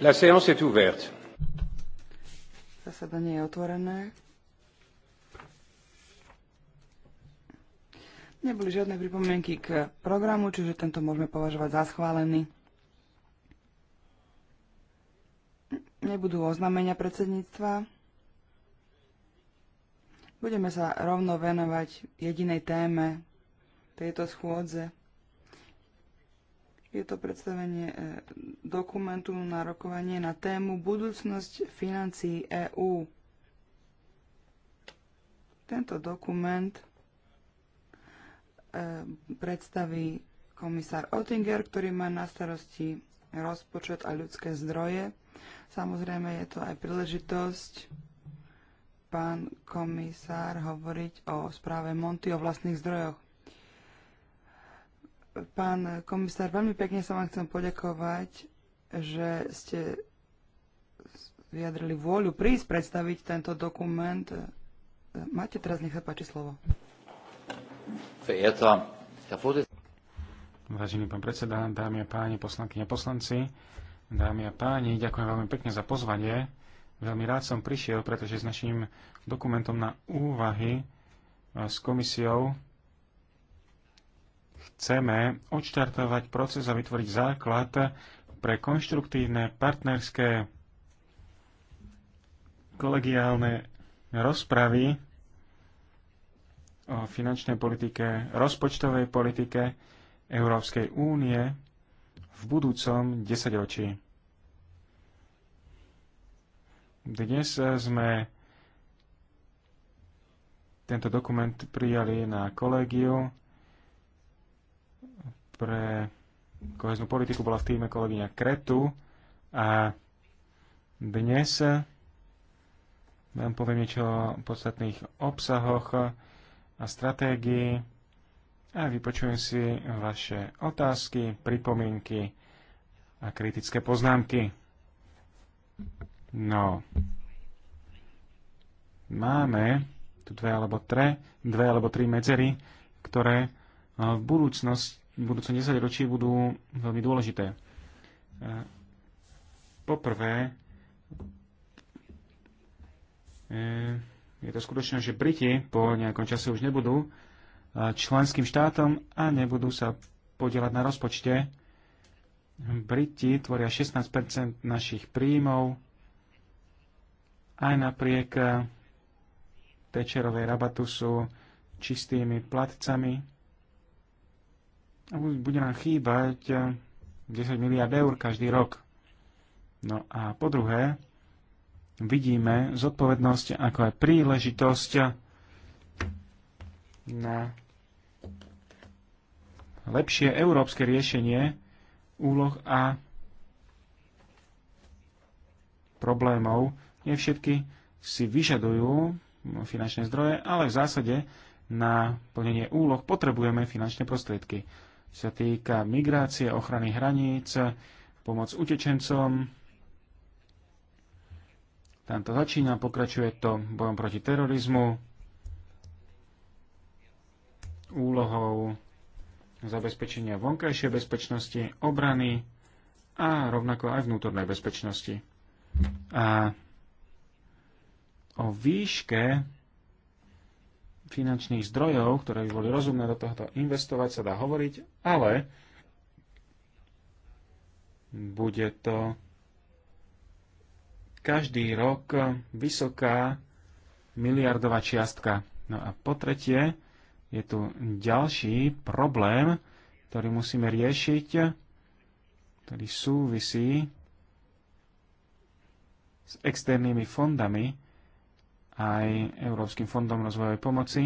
La séance est ouverte. Zasadanie je otvorené. Neboli žiadne pripomienky k programu, čiže tento môžeme považovať za schválený. Nebudú oznámenia predsedníctva. Budeme sa rovno venovať jedinej téme tejto schôdze. Je to predstavenie e, dokumentu na rokovanie na tému Budúcnosť financií EÚ. Tento dokument e, predstaví komisár Oettinger, ktorý má na starosti rozpočet a ľudské zdroje. Samozrejme je to aj príležitosť pán komisár hovoriť o správe Monty o vlastných zdrojoch. Pán komisár, veľmi pekne sa vám chcem poďakovať, že ste vyjadrili vôľu prísť predstaviť tento dokument. Máte teraz, nech sa páči slovo. Vážený pán predseda, dámy a páni, poslanky a poslanci, dámy a páni, ďakujem veľmi pekne za pozvanie. Veľmi rád som prišiel, pretože s našim dokumentom na úvahy s komisiou Chceme odštartovať proces a vytvoriť základ pre konštruktívne, partnerské, kolegiálne rozpravy o finančnej politike, rozpočtovej politike Európskej únie v budúcom desaťročí. Dnes sme tento dokument prijali na kolégiu pre koheznú politiku bola v týme kolegyňa Kretu a dnes vám poviem niečo o podstatných obsahoch a stratégii a vypočujem si vaše otázky, pripomienky a kritické poznámky. No, máme tu dve alebo, tre, dve alebo tri medzery, ktoré v budúcnosti budúce 10 ročí budú veľmi dôležité. E, poprvé, e, je to skutočné, že Briti po nejakom čase už nebudú e, členským štátom a nebudú sa podielať na rozpočte. Briti tvoria 16 našich príjmov aj napriek Tečerovej rabatu sú čistými platcami bude nám chýbať 10 eh, miliard eur každý rok. No a po druhé, vidíme zodpovednosť ako aj príležitosť eh, na lepšie európske riešenie úloh a problémov. Nie všetky si vyžadujú finančné zdroje, ale v zásade na plnenie úloh potrebujeme finančné prostriedky sa týka migrácie, ochrany hraníc, pomoc utečencom. Tam to začína, pokračuje to bojom proti terorizmu, úlohou zabezpečenia vonkajšej bezpečnosti, obrany a rovnako aj vnútornej bezpečnosti. A o výške finančných zdrojov, ktoré by boli rozumné do tohto investovať, sa dá hovoriť, ale bude to každý rok vysoká miliardová čiastka. No a po tretie, je tu ďalší problém, ktorý musíme riešiť, ktorý súvisí s externými fondami aj Európskym fondom rozvojovej pomoci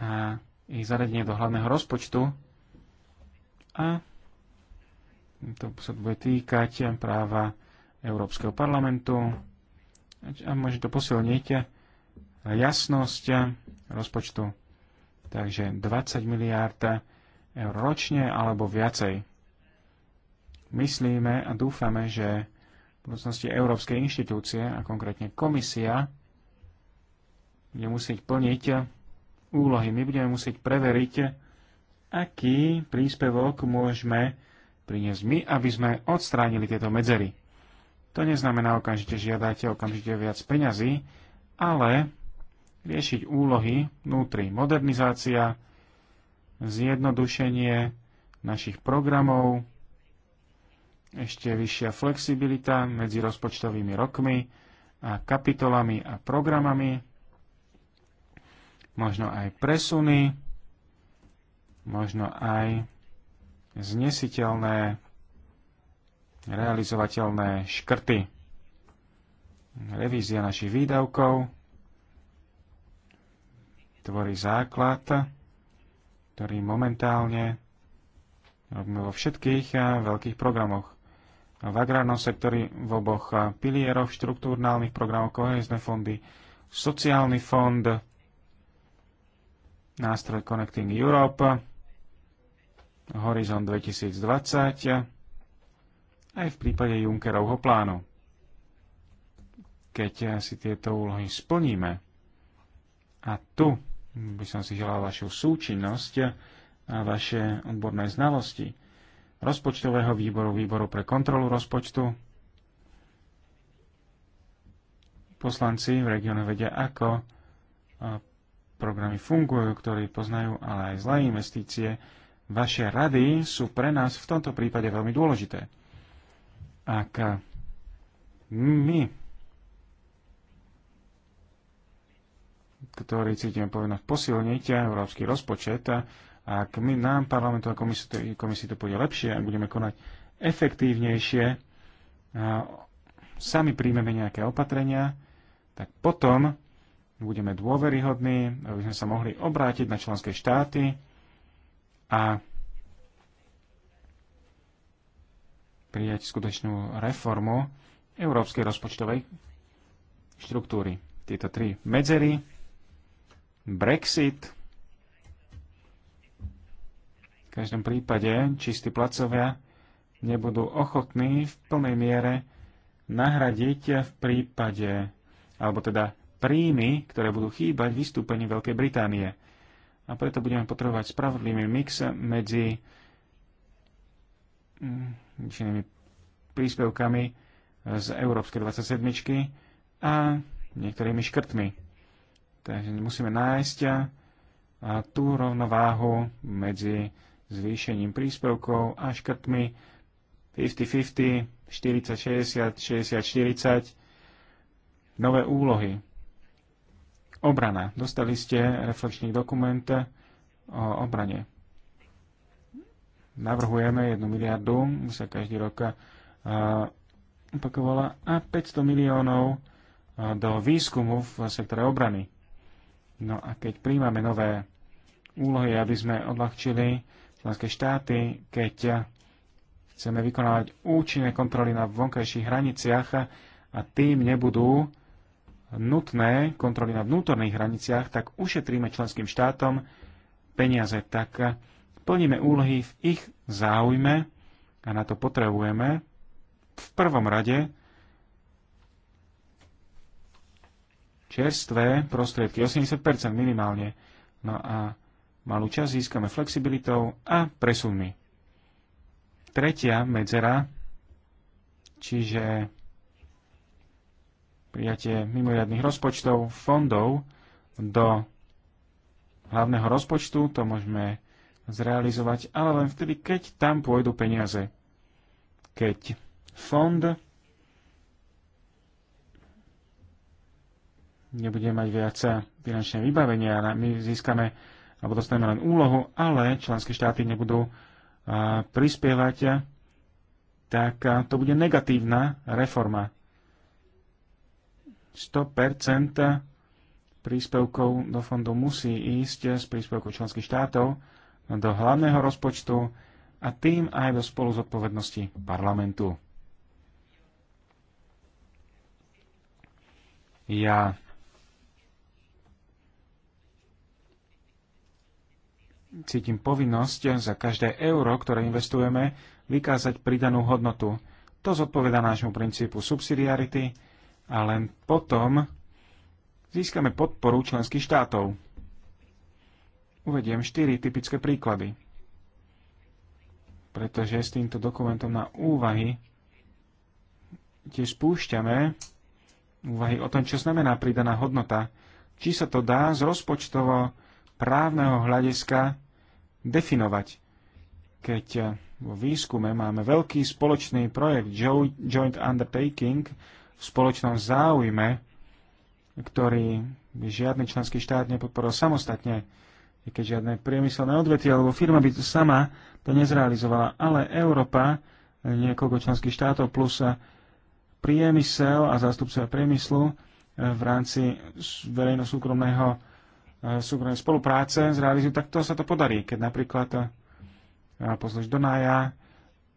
a ich zaradenie do hlavného rozpočtu a to sa bude týkať práva Európskeho parlamentu a môže to posilniť jasnosť rozpočtu. Takže 20 miliárd eur ročne alebo viacej. Myslíme a dúfame, že v budúcnosti európske inštitúcie a konkrétne komisia bude musieť plniť úlohy. My budeme musieť preveriť, aký príspevok môžeme priniesť my, aby sme odstránili tieto medzery. To neznamená okamžite žiadate okamžite viac peňazí, ale riešiť úlohy vnútri. Modernizácia, zjednodušenie našich programov, ešte vyššia flexibilita medzi rozpočtovými rokmi a kapitolami a programami, možno aj presuny, možno aj znesiteľné, realizovateľné škrty. Revízia našich výdavkov tvorí základ, ktorý momentálne robíme vo všetkých eh, veľkých programoch. V agrárnom sektori v oboch pilieroch, štruktúrálnych programov, kohezné fondy, sociálny fond, nástroj Connecting Europe, Horizon 2020, aj v prípade Junckerovho plánu. Keď si tieto úlohy splníme, a tu by som si želal vašu súčinnosť a vaše odborné znalosti rozpočtového výboru, výboru pre kontrolu rozpočtu. Poslanci v regióne vedia, ako programy fungujú, ktorí poznajú, ale aj zlé investície. Vaše rady sú pre nás v tomto prípade veľmi dôležité. Ak my, ktorí cítime povinnosť posilniť európsky rozpočet, a ak my, nám, parlamentu a komisii, to pôjde lepšie, ak budeme konať efektívnejšie, sami príjmeme nejaké opatrenia, tak potom budeme dôveryhodní, aby sme sa mohli obrátiť na členské štáty a prijať skutočnú reformu európskej rozpočtovej štruktúry. Tieto tri medzery, Brexit, v každom prípade čistí placovia nebudú ochotní v plnej miere nahradiť v prípade, alebo teda príjmy, ktoré budú chýbať vystúpení Veľkej Británie. A preto budeme potrebovať spravodlivý mix medzi mm, činnými príspevkami z Európskej 27 a niektorými škrtmi. Takže musíme nájsť a tú rovnováhu medzi zvýšením príspevkov a škrtmi 50-50, 40-60, 60-40, nové úlohy Obrana. Dostali ste reflečný dokument o obrane. Navrhujeme 1 miliardu, sa každý rok e, opakovala, a 500 miliónov e, do výskumu v sektore obrany. No a keď príjmame nové úlohy, aby sme odľahčili členské štáty, keď chceme vykonávať účinné kontroly na vonkajších hraniciach a tým nebudú nutné kontroly na vnútorných hraniciach, tak ušetríme členským štátom peniaze, tak plníme úlohy v ich záujme a na to potrebujeme v prvom rade čerstvé prostriedky, 80% minimálne. No a malú časť získame flexibilitou a presunmi. Tretia medzera, čiže prijatie mimoriadných rozpočtov fondov do hlavného rozpočtu, to môžeme zrealizovať, ale len vtedy, keď tam pôjdu peniaze. Keď fond nebude mať viac finančné vybavenia, my získame alebo dostaneme len úlohu, ale členské štáty nebudú prispievať, tak to bude negatívna reforma 100% príspevkov do fondu musí ísť z príspevkov členských štátov do hlavného rozpočtu a tým aj do spolu zodpovednosti parlamentu. Ja cítim povinnosť za každé euro, ktoré investujeme, vykázať pridanú hodnotu. To zodpoveda nášmu princípu subsidiarity, a len potom získame podporu členských štátov. Uvediem štyri typické príklady, pretože s týmto dokumentom na úvahy tiež spúšťame úvahy o tom, čo znamená pridaná hodnota, či sa to dá z rozpočtovo právneho hľadiska definovať. Keď vo výskume máme veľký spoločný projekt Joint Undertaking v spoločnom záujme, ktorý by žiadny členský štát nepodporil samostatne, keď žiadne priemyselné odvetie alebo firma by to sama to nezrealizovala. Ale Európa, niekoľko členských štátov plus priemysel a zástupcovia priemyslu eh, v rámci verejno-súkromného eh, súkromnej spolupráce zrealizujú, tak to sa to podarí. Keď napríklad eh, pozlož Donaja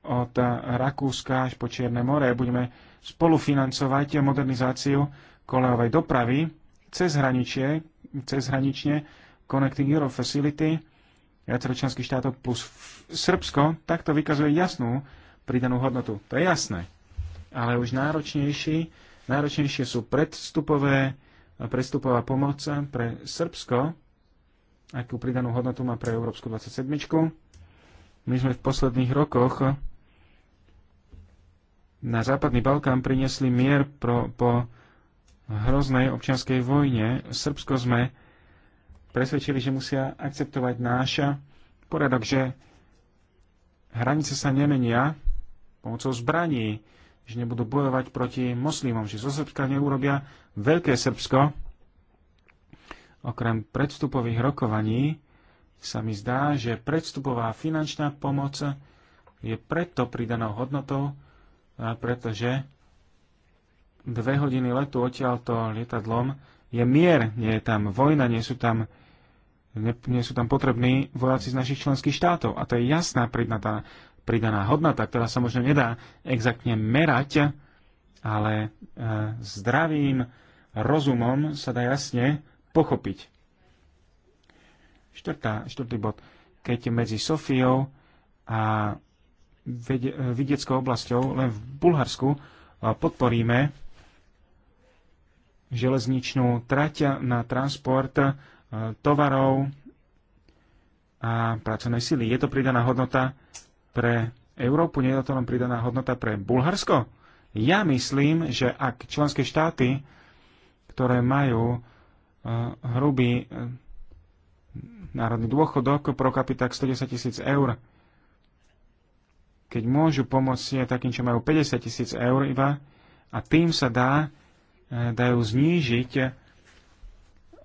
od Rakúska až po Čierne more. Budeme spolufinancovať modernizáciu kolejovej dopravy cez hraničie, cez hranične Connecting Euro Facility viacero členských štátov plus Srbsko, takto vykazuje jasnú pridanú hodnotu. To je jasné. Ale už náročnejší, náročnejšie sú predstupové, predstupová pomoc pre Srbsko, akú pridanú hodnotu má pre Európsku 27. My sme v posledných rokoch na Západný Balkán priniesli mier pro, po hroznej občianskej vojne. Srbsko sme presvedčili, že musia akceptovať náša poriadok, že hranice sa nemenia pomocou zbraní, že nebudú bojovať proti moslimom, že zo Srbska neurobia veľké Srbsko. Okrem predstupových rokovaní sa mi zdá, že predstupová finančná pomoc je preto pridanou hodnotou, pretože dve hodiny letu odtiaľto lietadlom je mier, nie je tam vojna, nie sú tam, nie, nie sú tam potrební vojaci z našich členských štátov. A to je jasná pridaná, pridaná hodnota, ktorá sa možno nedá exaktne merať, ale e, zdravým rozumom sa dá jasne pochopiť. Štvrtá, štvrtý bod. Keď medzi Sofiou a vidieckou oblasťou, len v Bulharsku podporíme železničnú trať na transport tovarov a pracovnej sily. Je to pridaná hodnota pre Európu, nie je to len pridaná hodnota pre Bulharsko? Ja myslím, že ak členské štáty, ktoré majú hrubý národný dôchodok pro kapitách 110 tisíc eur, keď môžu pomôcť takým, čo majú 50 tisíc eur iba a tým sa dá, e, dajú znížiť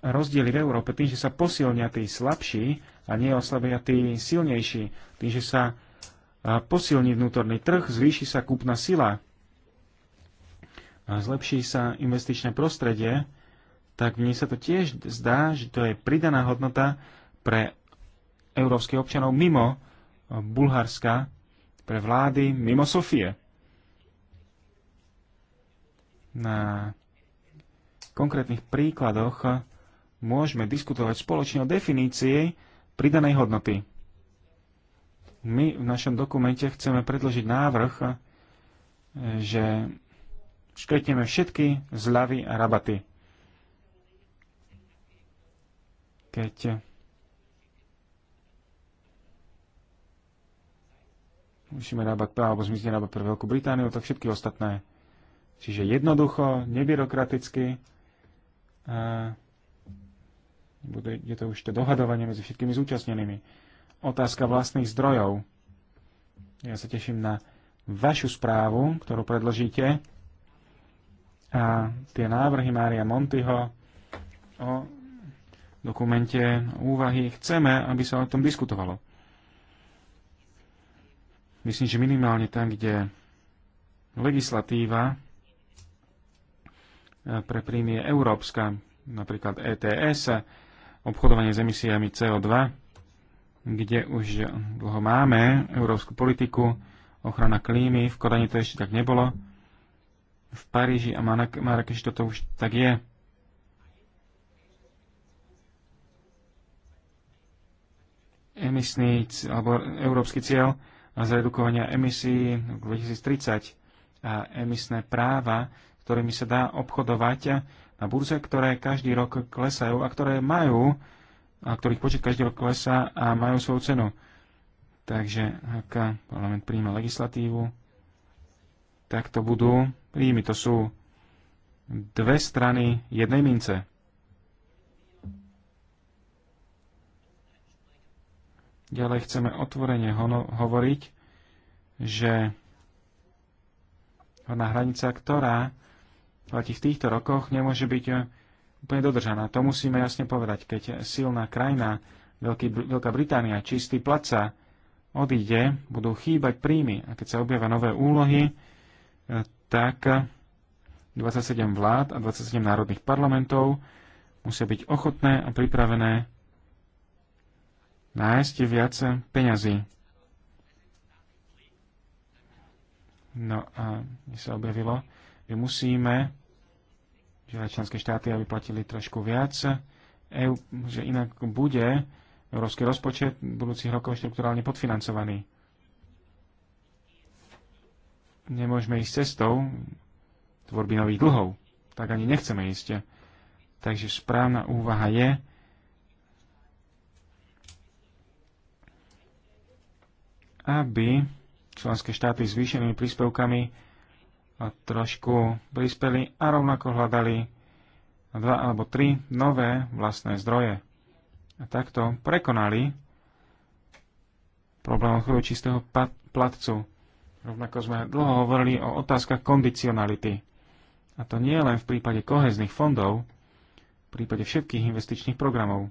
rozdiely v Európe tým, že sa posilnia tí slabší a nie oslabia tí silnejší. Tým, že sa e, posilní vnútorný trh, zvýši sa kúpna sila, a zlepší sa investičné prostredie, tak mne sa to tiež zdá, že to je pridaná hodnota pre európskych občanov mimo Bulharska, pre vlády mimo Sofie. Na konkrétnych príkladoch môžeme diskutovať spoločne o definícii pridanej hodnoty. My v našom dokumente chceme predložiť návrh, že škretneme všetky zľavy a rabaty. Keď musíme rábať, alebo zmizne rábať pre Veľkú Britániu, tak všetky ostatné. Čiže jednoducho, nebyrokraticky, a bude, je to už to dohadovanie medzi všetkými zúčastnenými. Otázka vlastných zdrojov. Ja sa teším na vašu správu, ktorú predložíte a tie návrhy Mária Montyho o dokumente úvahy. Chceme, aby sa o tom diskutovalo. Myslím, že minimálne tam, kde legislatíva e, pre príjmy je európska, napríklad ETS, e, obchodovanie s emisiami CO2, kde už dlho máme európsku politiku, ochrana klímy, v Kodani to ešte tak nebolo, v Paríži a Marrakeši toto už tak je. Emisný, alebo európsky cieľ zredukovania emisí v 2030 a emisné práva, ktorými sa dá obchodovať na burze, ktoré každý rok klesajú a ktoré majú, a ktorých počet každý rok klesá a majú svoju cenu. Takže ak parlament príjme legislatívu, tak to budú príjmy. To sú dve strany jednej mince. Ďalej chceme otvorene hovoriť, že horná hranica, ktorá platí v týchto rokoch, nemôže byť eh, úplne dodržaná. To musíme jasne povedať. Keď silná krajina, Veľký, Veľká Británia, čistý placa, odíde, budú chýbať príjmy. A keď sa objavia nové úlohy, eh, tak 27 vlád a 27 národných parlamentov musia byť ochotné a pripravené nájsť viac peňazí. No a mi sa objavilo, že musíme Že členské štáty, aby platili trošku viac, EU, že inak bude európsky rozpočet budúcich rokov štruktúrálne podfinancovaný. Nemôžeme ísť cestou tvorby nových dlhov. Tak ani nechceme ísť. Takže správna úvaha je, aby členské štáty s zvýšenými príspevkami trošku prispeli a rovnako hľadali dva alebo tri nové vlastné zdroje. A takto prekonali problém ochrany čistého platcu. Rovnako sme dlho hovorili o otázkach kondicionality. A to nie len v prípade kohezných fondov, v prípade všetkých investičných programov.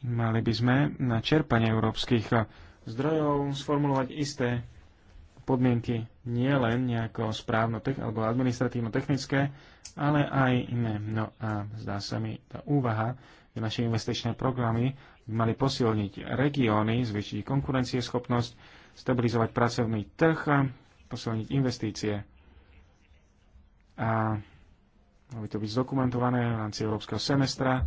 Mali by sme na čerpanie európskych zdrojov sformulovať isté podmienky nie len nejako správno alebo administratívno-technické, ale aj iné. No a zdá sa mi tá úvaha, že naše investičné programy by mali posilniť regióny, zväčšiť konkurencieschopnosť, stabilizovať pracovný trh, posilniť investície. A mali to byť zdokumentované v rámci európskeho semestra,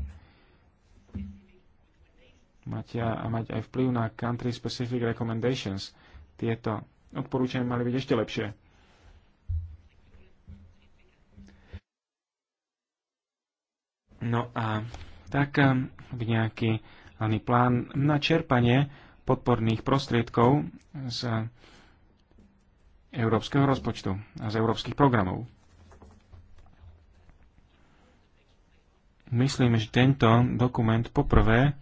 mať, a mať aj vplyv na country specific recommendations. Tieto odporúčania mali byť ešte lepšie. No a tak um, nejaký hlavný plán na čerpanie podporných prostriedkov z európskeho rozpočtu a z európskych programov. Myslím, že tento dokument poprvé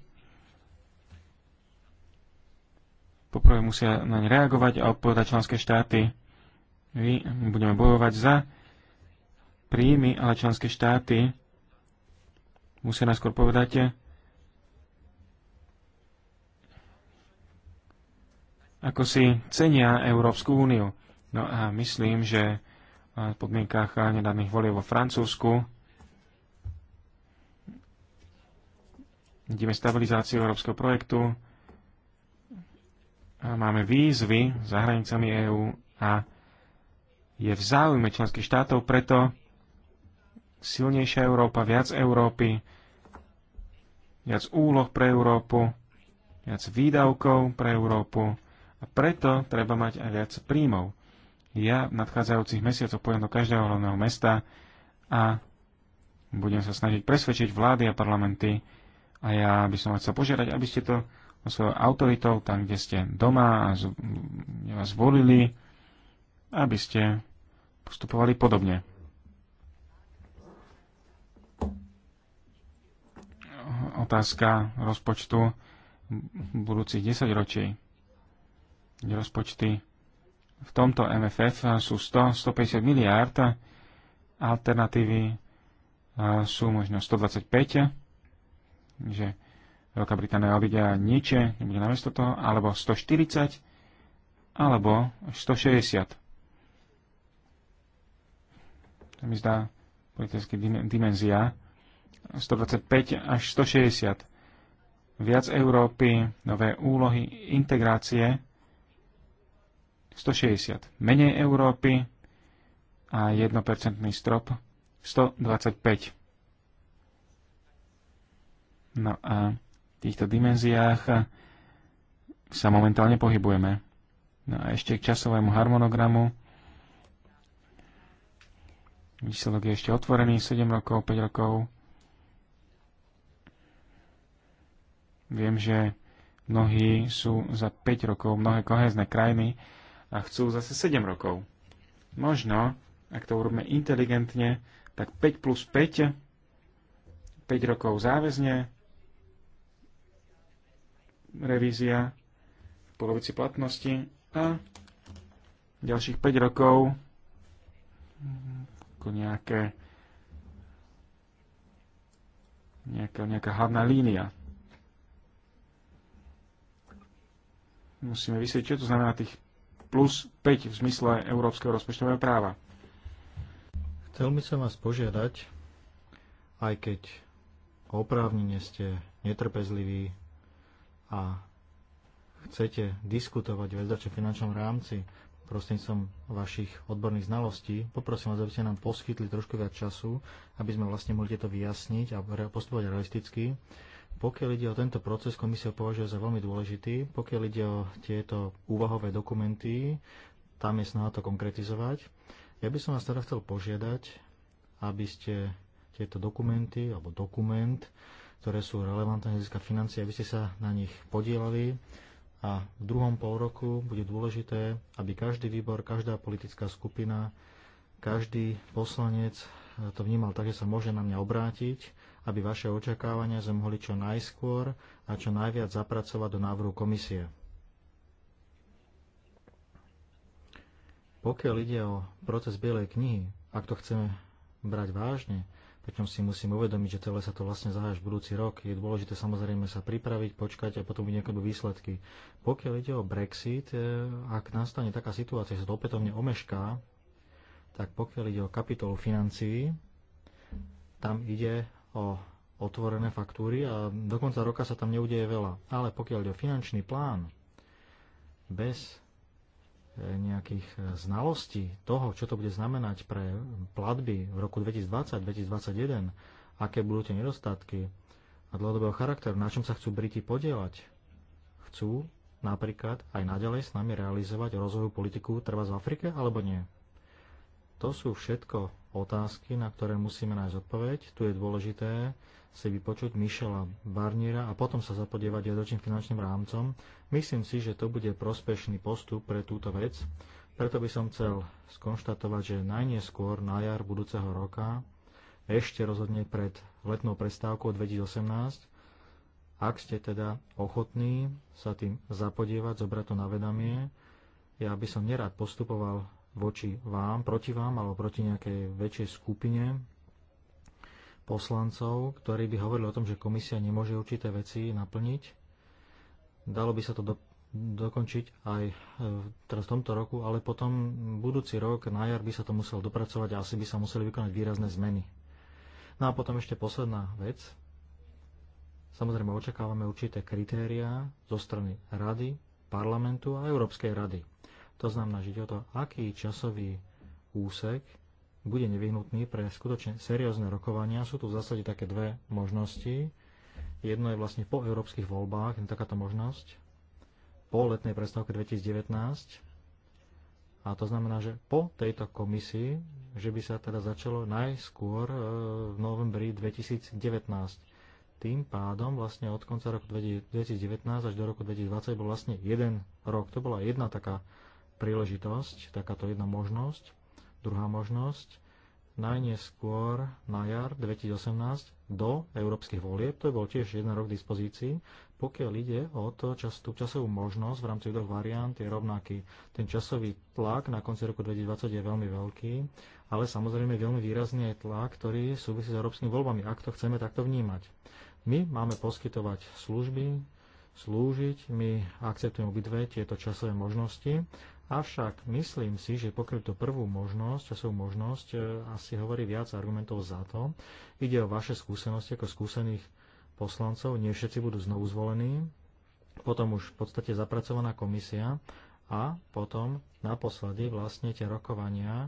poprvé musia naň reagovať a odpovedať členské štáty. My budeme bojovať za príjmy, ale členské štáty musia najskôr povedať, ako si cenia Európsku úniu. No a myslím, že v podmienkách nedávnych volieb vo Francúzsku vidíme stabilizáciu európskeho projektu, máme výzvy za hranicami EÚ a je v záujme členských štátov preto silnejšia Európa, viac Európy, viac úloh pre Európu, viac výdavkov pre Európu a preto treba mať aj viac príjmov. Ja v nadchádzajúcich mesiacoch pôjdem do každého hlavného mesta a budem sa snažiť presvedčiť vlády a parlamenty a ja by som chcel požiadať, aby ste to svojou autoritou, tam, kde ste doma a vás volili, aby ste postupovali podobne. Otázka rozpočtu budúcich 10 ročí. Rozpočty v tomto MFF sú 100-150 miliárd, alternatívy sú možno 125, že Veľká Británia obidia a nebude namiesto toho, alebo 140, alebo 160. To mi zdá politická dimenzia. 125 až 160. Viac Európy, nové úlohy, integrácie. 160. Menej Európy a 1% strop 125. No a týchto dimenziách sa momentálne pohybujeme. No a ešte k časovému harmonogramu. Výsledok je ešte otvorený, 7 rokov, 5 rokov. Viem, že mnohí sú za 5 rokov, mnohé kohezné krajiny a chcú zase 7 rokov. Možno, ak to urobíme inteligentne, tak 5 plus 5, 5 rokov záväzne, revízia v polovici platnosti a ďalších 5 rokov ako nejaké nejaká, nejaká hlavná línia. Musíme vysvetliť, čo to znamená tých plus 5 v zmysle európskeho rozpočtového práva. Chcel by som vás požiadať, aj keď oprávnene ste netrpezliví, a chcete diskutovať o v finančnom rámci prostredníctvom vašich odborných znalostí, poprosím vás, aby ste nám poskytli trošku viac času, aby sme vlastne mohli to vyjasniť a postupovať realisticky. Pokiaľ ide o tento proces, komisia považuje za veľmi dôležitý. Pokiaľ ide o tieto úvahové dokumenty, tam je snaha to konkretizovať. Ja by som vás teda chcel požiadať, aby ste tieto dokumenty, alebo dokument, ktoré sú relevantné hľadiska financie, aby ste sa na nich podielali. A v druhom pol roku bude dôležité, aby každý výbor, každá politická skupina, každý poslanec to vnímal tak, že sa môže na mňa obrátiť, aby vaše očakávania sme mohli čo najskôr a čo najviac zapracovať do návrhu komisie. Pokiaľ ide o proces Bielej knihy, ak to chceme brať vážne, pričom si musím uvedomiť, že celé sa to vlastne zahája až budúci rok. Je dôležité samozrejme sa pripraviť, počkať a potom nejaké výsledky. Pokiaľ ide o Brexit, e, ak nastane taká situácia, že sa to opätovne omešká, tak pokiaľ ide o kapitolu financií, tam ide o otvorené faktúry a do konca roka sa tam neudeje veľa. Ale pokiaľ ide o finančný plán, bez nejakých e, znalostí toho, čo to bude znamenať pre platby v roku 2020-2021, aké budú tie nedostatky a dlhodobého charakteru, na čom sa chcú Briti podielať. Chcú napríklad aj naďalej s nami realizovať rozvoju politiku treba v Afrike, alebo nie? To sú všetko otázky, na ktoré musíme nájsť odpoveď. Tu je dôležité si vypočuť Michela Barniera a potom sa zapodievať jadočným finančným rámcom. Myslím si, že to bude prospešný postup pre túto vec. Preto by som chcel skonštatovať, že najneskôr na jar budúceho roka, ešte rozhodne pred letnou prestávkou 2018, ak ste teda ochotní sa tým zapodievať, zobrať to na vedomie, ja by som nerád postupoval voči vám, proti vám alebo proti nejakej väčšej skupine poslancov, ktorí by hovorili o tom, že komisia nemôže určité veci naplniť. Dalo by sa to do, dokončiť aj e, teraz v tomto roku, ale potom budúci rok na jar by sa to muselo dopracovať a asi by sa museli vykonať výrazné zmeny. No a potom ešte posledná vec. Samozrejme očakávame určité kritériá zo strany Rady, parlamentu a Európskej rady. To znamená, že ide o to, aký časový úsek bude nevyhnutný pre skutočne seriózne rokovania. Sú tu v zásade také dve možnosti. Jedno je vlastne po európskych voľbách, je takáto možnosť, po letnej prestávke 2019. A to znamená, že po tejto komisii, že by sa teda začalo najskôr e, v novembri 2019. Tým pádom vlastne od konca roku 2019 až do roku 2020 bol vlastne jeden rok. To bola jedna taká príležitosť, takáto jedna možnosť. Druhá možnosť, najneskôr na jar 2018 do európskych volieb, to je bol tiež jeden rok k dispozícii, pokiaľ ide o to, čas, tú časovú možnosť v rámci dvoch variant je rovnaký. Ten časový tlak na konci roku 2020 je veľmi veľký, ale samozrejme veľmi výrazný je tlak, ktorý súvisí s európskymi voľbami, ak to chceme takto vnímať. My máme poskytovať služby, slúžiť, my akceptujeme obidve tieto časové možnosti Avšak myslím si, že pokiaľ to prvú možnosť, časovú možnosť, e, asi hovorí viac argumentov za to. Ide o vaše skúsenosti ako skúsených poslancov, nie všetci budú znovu zvolení, potom už v podstate zapracovaná komisia a potom naposledy vlastne tie rokovania e,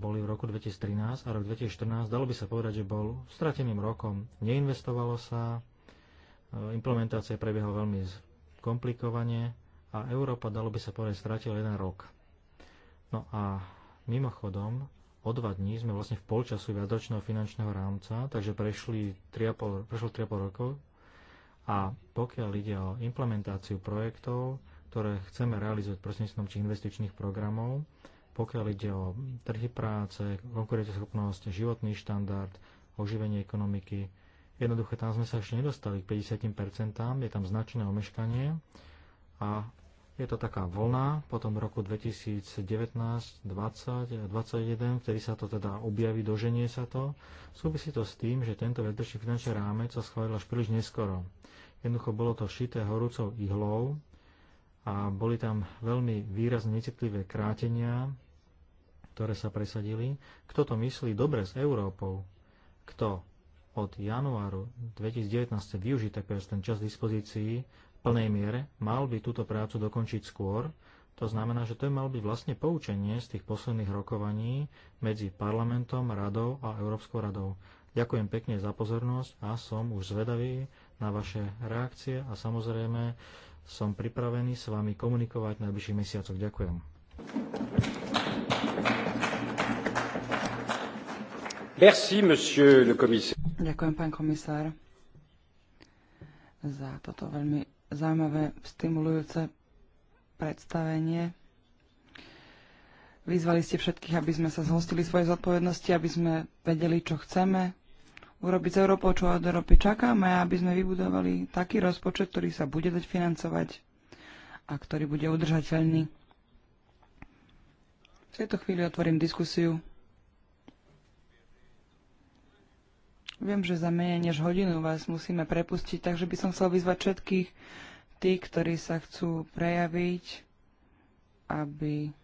boli v roku 2013 a rok 2014, dalo by sa povedať, že bol strateným rokom. Neinvestovalo sa, e, implementácia prebiehala veľmi komplikovane a Európa, dalo by sa povedať, strátila jeden rok. No a mimochodom, o dva dní sme vlastne v polčasu viacročného finančného rámca, takže prešli 3,5, prešlo 3,5 rokov a pokiaľ ide o implementáciu projektov, ktoré chceme realizovať prostredníctvom či investičných programov, pokiaľ ide o trhy práce, konkurenceschopnosť, životný štandard, oživenie ekonomiky. Jednoducho tam sme sa ešte nedostali k 50%, je tam značné omeškanie a je to taká vlna, potom v roku 2019, 20, 21, vtedy sa to teda objaví, doženie sa to. Súvisí to s tým, že tento vedrší finančný rámec sa schválil až príliš neskoro. Jednoducho bolo to šité horúcou ihlou a boli tam veľmi výrazne necitlivé krátenia, ktoré sa presadili. Kto to myslí dobre s Európou? Kto od januáru 2019 využiť taký ten čas dispozícií plnej miere, mal by túto prácu dokončiť skôr. To znamená, že to je mal byť vlastne poučenie z tých posledných rokovaní medzi parlamentom, radou a Európskou radou. Ďakujem pekne za pozornosť a som už zvedavý na vaše reakcie a samozrejme som pripravený s vami komunikovať v najbližších mesiacoch. Ďakujem. Merci, monsieur le commissaire. Ďakujem, pán komisár, za toto veľmi zaujímavé, stimulujúce predstavenie. Vyzvali ste všetkých, aby sme sa zhostili svoje zodpovednosti, aby sme vedeli, čo chceme urobiť z Európou, čo od Európy čakáme, aby sme vybudovali taký rozpočet, ktorý sa bude dať financovať a ktorý bude udržateľný. V tejto chvíli otvorím diskusiu. Viem, že za menej než hodinu vás musíme prepustiť, takže by som chcel vyzvať všetkých tých, ktorí sa chcú prejaviť, aby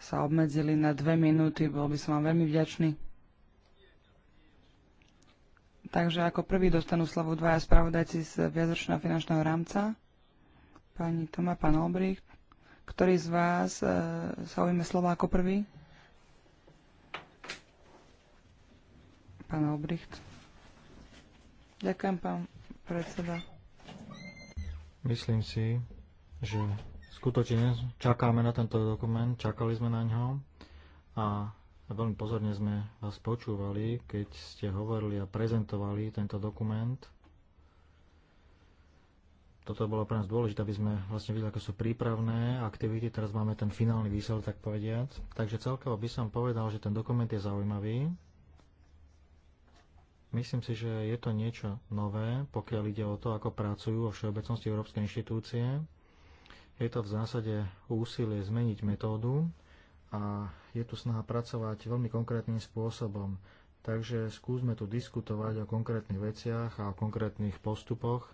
sa obmedzili na dve minúty. Bol by som vám veľmi vďačný. Takže ako prvý dostanú slovo dvaja spravodajci z viacročného finančného rámca, pani Toma, pán Olbricht. Ktorý z vás e, sa ujme slova ako prvý? Pán Ďakujem, pán predseda. Myslím si, že skutočne čakáme na tento dokument, čakali sme na ňo a veľmi pozorne sme vás počúvali, keď ste hovorili a prezentovali tento dokument. Toto bolo pre nás dôležité, aby sme vlastne videli, ako sú prípravné aktivity. Teraz máme ten finálny výsledok, tak povediať. Takže celkovo by som povedal, že ten dokument je zaujímavý. Myslím si, že je to niečo nové, pokiaľ ide o to, ako pracujú vo všeobecnosti európske inštitúcie. Je to v zásade úsilie zmeniť metódu a je tu snaha pracovať veľmi konkrétnym spôsobom. Takže skúsme tu diskutovať o konkrétnych veciach a o konkrétnych postupoch.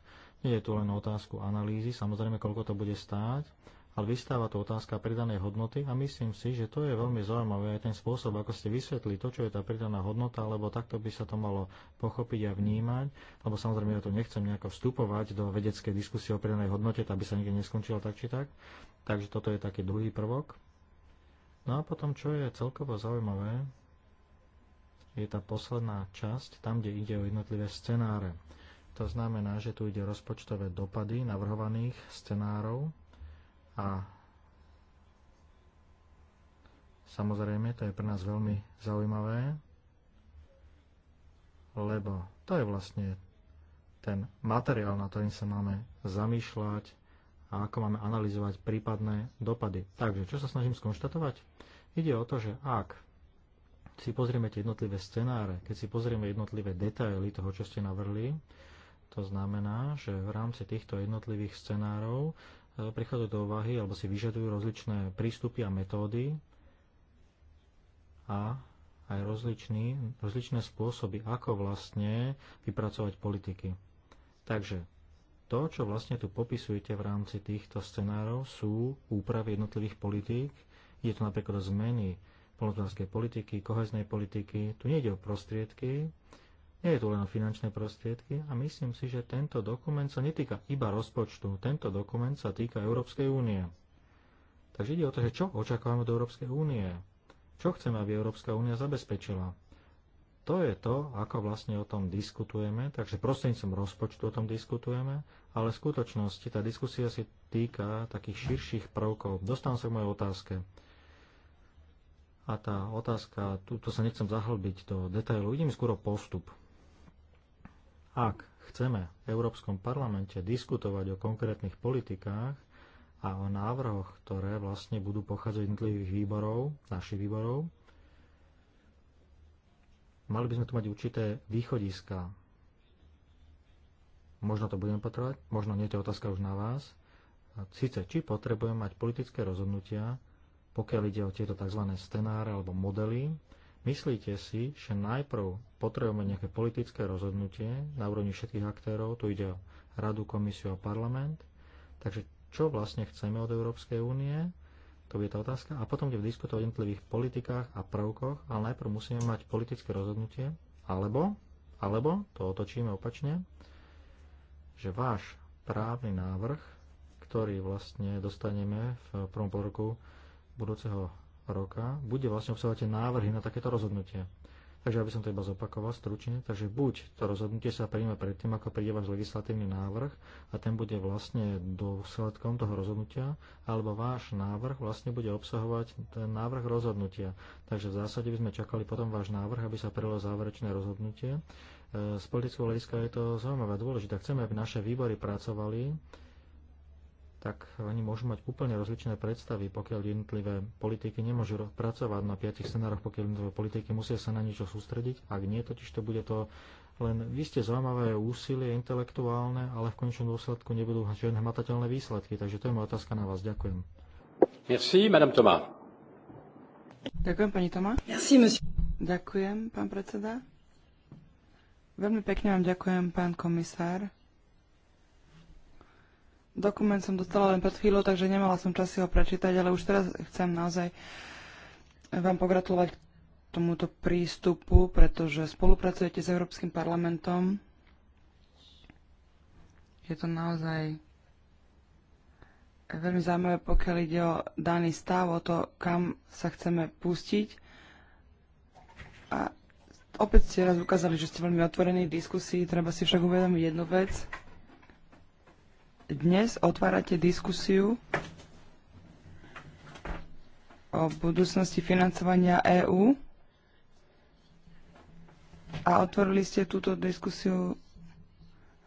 Nie je tu len otázku analýzy, samozrejme, koľko to bude stáť, ale vystáva to otázka pridanej hodnoty a myslím si, že to je veľmi zaujímavé aj ten spôsob, ako ste vysvetli to, čo je tá pridaná hodnota, lebo takto by sa to malo pochopiť a vnímať, lebo samozrejme ja tu nechcem nejako vstupovať do vedeckej diskusie o pridanej hodnote, aby sa nikde neskončila tak či tak. Takže toto je taký druhý prvok. No a potom, čo je celkovo zaujímavé, je tá posledná časť, tam, kde ide o jednotlivé scenáre. To znamená, že tu ide rozpočtové dopady navrhovaných scenárov a samozrejme, to je pre nás veľmi zaujímavé, lebo to je vlastne ten materiál, na ktorým sa máme zamýšľať a ako máme analyzovať prípadné dopady. Takže, čo sa snažím skonštatovať? Ide o to, že ak si pozrieme tie jednotlivé scenáre, keď si pozrieme jednotlivé detaily toho, čo ste navrhli, to znamená, že v rámci týchto jednotlivých scenárov E, prichádzajú do úvahy alebo si vyžadujú rozličné prístupy a metódy a aj rozličný, rozličné spôsoby, ako vlastne vypracovať politiky. Takže to, čo vlastne tu popisujete v rámci týchto scenárov, sú úpravy jednotlivých politík. Je to napríklad zmeny polnospodárskej politiky, koheznej politiky. Tu nejde o prostriedky, nie je tu len o finančné prostriedky a myslím si, že tento dokument sa netýka iba rozpočtu. Tento dokument sa týka Európskej únie. Takže ide o to, že čo očakávame od Európskej únie. Čo chceme, aby Európska únia zabezpečila. To je to, ako vlastne o tom diskutujeme, takže prostrednícom rozpočtu o tom diskutujeme, ale v skutočnosti tá diskusia si týka takých širších prvkov. Dostávam sa k mojej otázke. A tá otázka, tu, sa nechcem zahlbiť do detailu, idem skôr postup ak chceme v Európskom parlamente diskutovať o konkrétnych politikách a o návrhoch, ktoré vlastne budú pochádzať jednotlivých výborov, našich výborov, mali by sme tu mať určité východiska. Možno to budeme potrebovať, možno nie, to je otázka už na vás. Sice, či potrebujeme mať politické rozhodnutia, pokiaľ ide o tieto tzv. scenáre alebo modely, Myslíte si, že najprv potrebujeme nejaké politické rozhodnutie na úrovni všetkých aktérov, tu ide o Radu, Komisiu a Parlament, takže čo vlastne chceme od Európskej únie, to je tá otázka, a potom budeme diskutovať o jednotlivých politikách a prvkoch, ale najprv musíme mať politické rozhodnutie, alebo, alebo, to otočíme opačne, že váš právny návrh, ktorý vlastne dostaneme v prvom polroku budúceho roka bude vlastne obsahovať tie návrhy na takéto rozhodnutie. Takže aby som to iba zopakoval stručne, takže buď to rozhodnutie sa príjme predtým, ako príde váš legislatívny návrh a ten bude vlastne dôsledkom toho rozhodnutia, alebo váš návrh vlastne bude obsahovať ten návrh rozhodnutia. Takže v zásade by sme čakali potom váš návrh, aby sa prilo záverečné rozhodnutie. E, z politického hľadiska je to zaujímavé a dôležité. Chceme, aby naše výbory pracovali tak oni môžu mať úplne rozličné predstavy, pokiaľ jednotlivé politiky nemôžu pracovať na piatich scenároch, pokiaľ jednotlivé politiky musia sa na niečo sústrediť. Ak nie, totiž to bude to len vy ste zaujímavé úsilie intelektuálne, ale v konečnom dôsledku nebudú žiadne hmatateľné výsledky. Takže to je moja otázka na vás. Ďakujem. Merci, madame Tomá. Ďakujem, pani Tomá. Merci, monsieur. Ďakujem, pán predseda. Veľmi pekne vám ďakujem, pán komisár. Dokument som dostala len pred chvíľou, takže nemala som čas si ho prečítať, ale už teraz chcem naozaj vám pogratulovať k tomuto prístupu, pretože spolupracujete s Európskym parlamentom. Je to naozaj veľmi zaujímavé, pokiaľ ide o daný stav, o to, kam sa chceme pustiť. A opäť ste raz ukázali, že ste veľmi otvorení v diskusii, treba si však uvedomiť jednu vec – dnes otvárate diskusiu o budúcnosti financovania EÚ a otvorili ste túto diskusiu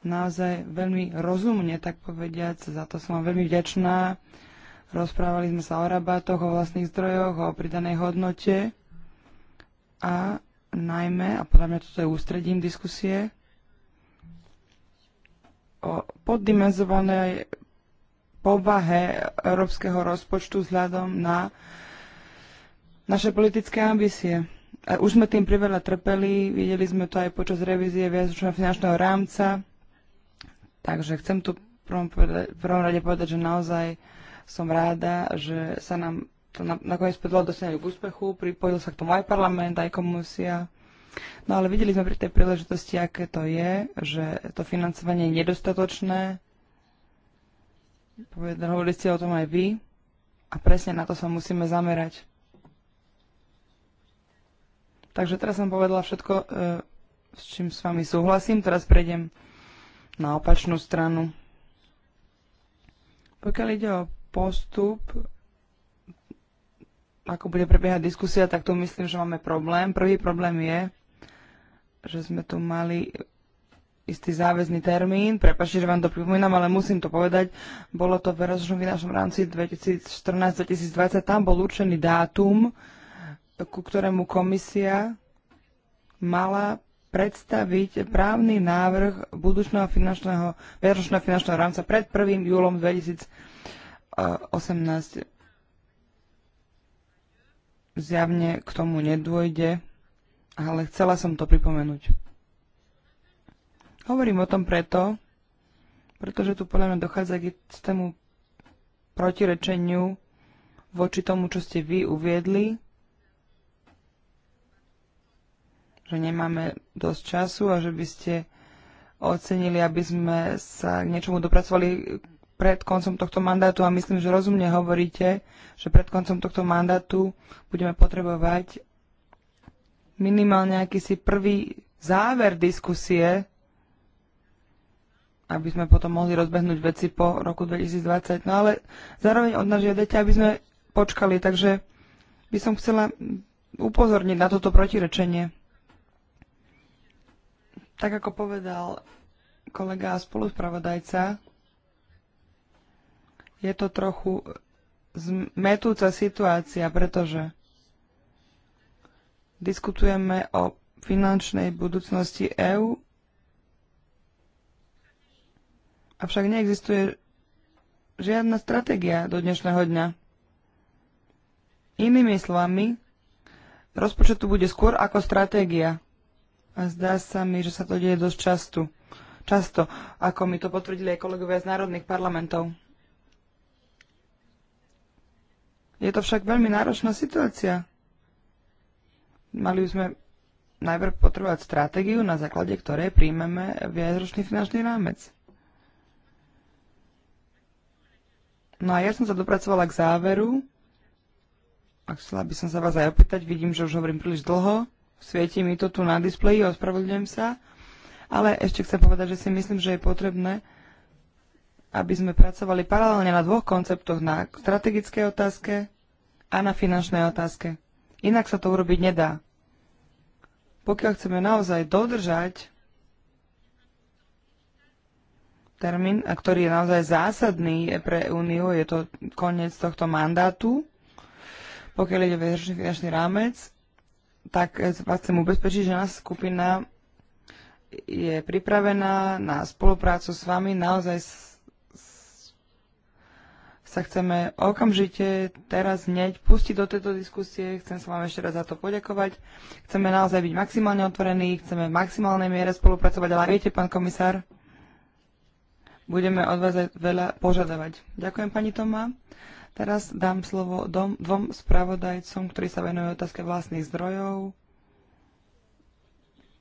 naozaj veľmi rozumne, tak povediac. Za to som vám veľmi vďačná. Rozprávali sme sa o rabatoch o vlastných zdrojoch, o pridanej hodnote a najmä, a podľa mňa toto je ústredím diskusie, o poddimenzovanej povahe európskeho rozpočtu vzhľadom na naše politické ambície. Už sme tým priveľa trpeli, videli sme to aj počas revízie viacročného finančného rámca, takže chcem tu v prvom, prvom rade povedať, že naozaj som ráda, že sa nám to nakoniec podľa dosiahnuť k úspechu, pripojil sa k tomu aj parlament, aj komisia, No ale videli sme pri tej príležitosti, aké to je, že to financovanie je nedostatočné. hovorili ste o tom aj vy. A presne na to sa musíme zamerať. Takže teraz som povedala všetko, e, s čím s vami súhlasím. Teraz prejdem na opačnú stranu. Pokiaľ ide o postup, ako bude prebiehať diskusia, tak tu myslím, že máme problém. Prvý problém je, že sme tu mali istý záväzný termín, prepašte, že vám to pripomínam, ale musím to povedať, bolo to v rozhodnom finančnom rámci 2014-2020, tam bol určený dátum, ku ktorému komisia mala predstaviť právny návrh budúčného finančného, veročného finančného rámca pred 1. júlom 2018. Zjavne k tomu nedôjde ale chcela som to pripomenúť. Hovorím o tom preto, pretože tu podľa mňa dochádza k tému protirečeniu voči tomu, čo ste vy uviedli, že nemáme dosť času a že by ste ocenili, aby sme sa k niečomu dopracovali pred koncom tohto mandátu a myslím, že rozumne hovoríte, že pred koncom tohto mandátu budeme potrebovať minimálne akýsi prvý záver diskusie, aby sme potom mohli rozbehnúť veci po roku 2020. No ale zároveň od nás žiadate, aby sme počkali, takže by som chcela upozorniť na toto protirečenie. Tak ako povedal kolega a spoluspravodajca, je to trochu zmetúca situácia, pretože Diskutujeme o finančnej budúcnosti EÚ, avšak neexistuje žiadna stratégia do dnešného dňa. Inými slovami, rozpočet tu bude skôr ako stratégia. A zdá sa mi, že sa to deje dosť často. Často, ako mi to potvrdili aj kolegovia z národných parlamentov. Je to však veľmi náročná situácia mali by sme najprv potrebovať stratégiu, na základe ktorej príjmeme viacročný finančný rámec. No a ja som sa dopracovala k záveru a chcela by som sa vás aj opýtať, vidím, že už hovorím príliš dlho, svieti mi to tu na displeji, ospravedlňujem sa, ale ešte chcem povedať, že si myslím, že je potrebné, aby sme pracovali paralelne na dvoch konceptoch, na strategickej otázke a na finančnej otázke. Inak sa to urobiť nedá. Pokiaľ chceme naozaj dodržať termín, a ktorý je naozaj zásadný pre Úniu, je to koniec tohto mandátu, pokiaľ ide väzročný finančný rámec, tak vás chcem ubezpečiť, že nás skupina je pripravená na spoluprácu s vami. Naozaj sa chceme okamžite teraz hneď pustiť do tejto diskusie. Chcem sa vám ešte raz za to poďakovať. Chceme naozaj byť maximálne otvorení, chceme v maximálnej miere spolupracovať, ale viete, pán komisár, budeme od vás aj veľa požadovať. Ďakujem, pani Toma. Teraz dám slovo dom, dvom spravodajcom, ktorí sa venujú otázke vlastných zdrojov.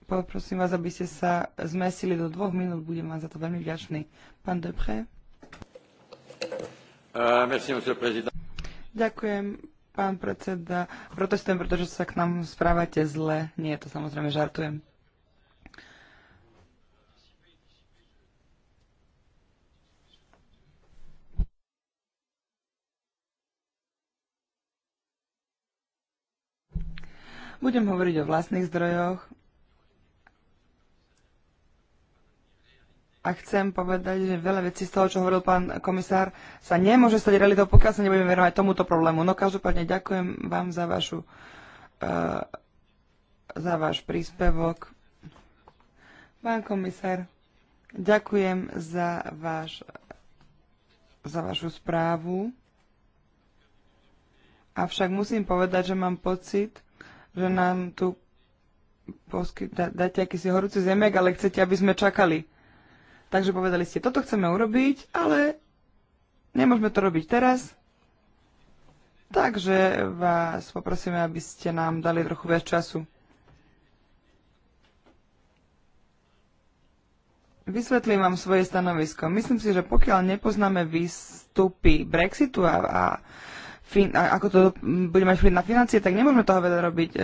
Poprosím vás, aby ste sa zmesili do dvoch minút. Budem vám za to veľmi vďačný. Pán Depre. Uh, Ďakujem, pán predseda. Protestujem, pretože sa k nám správate zle. Nie, to samozrejme žartujem. Budem hovoriť o vlastných zdrojoch, A chcem povedať, že veľa vecí z toho, čo hovoril pán komisár, sa nemôže stať realitou, pokiaľ sa nebudeme venovať tomuto problému. No každopádne ďakujem vám za vašu uh, za váš príspevok. Pán komisár, ďakujem za, váš, za vašu správu. Avšak musím povedať, že mám pocit, že nám tu poskyt, dáte akýsi horúci zemek, ale chcete, aby sme čakali. Takže povedali ste, toto chceme urobiť, ale nemôžeme to robiť teraz. Takže vás poprosíme, aby ste nám dali trochu viac času. Vysvetlím vám svoje stanovisko. Myslím si, že pokiaľ nepoznáme výstupy Brexitu a, a, fin, a ako to budeme mať na financie, tak nemôžeme toho veľa robiť. E,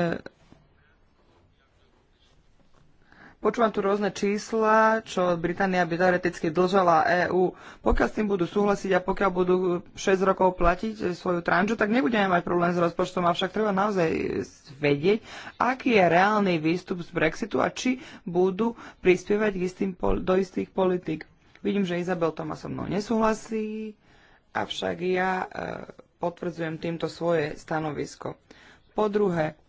Počúvam tu rôzne čísla, čo Británia by teoreticky dlžala EÚ. Pokiaľ s tým budú súhlasiť a pokiaľ budú 6 rokov platiť eh, svoju tranžu, tak nebudeme mať problém s rozpočtom, avšak treba naozaj vedieť, aký je reálny výstup z Brexitu a či budú prispievať istým, do istých politik. Vidím, že Izabel Toma so mnou nesúhlasí, avšak ja e, potvrdzujem týmto svoje stanovisko. Po druhé,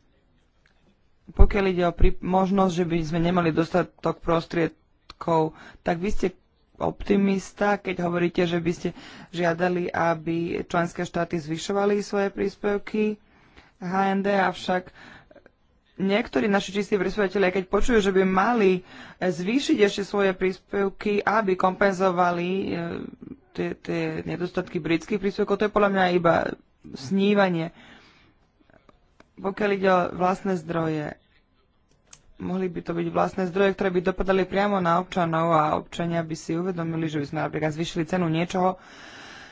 pokiaľ ide o možnosť, že by sme nemali dostatok prostriedkov, tak vy ste optimista, keď hovoríte, že by ste žiadali, aby členské štáty zvyšovali svoje príspevky HND, avšak niektorí naši čistí prispievateľia, keď počujú, že by mali zvýšiť ešte svoje príspevky, aby kompenzovali e, tie, tie nedostatky britských príspevkov, to je podľa mňa iba snívanie. Pokiaľ ide o vlastné zdroje, mohli by to byť vlastné zdroje, ktoré by dopadali priamo na občanov a občania by si uvedomili, že by sme napríklad zvyšili cenu niečoho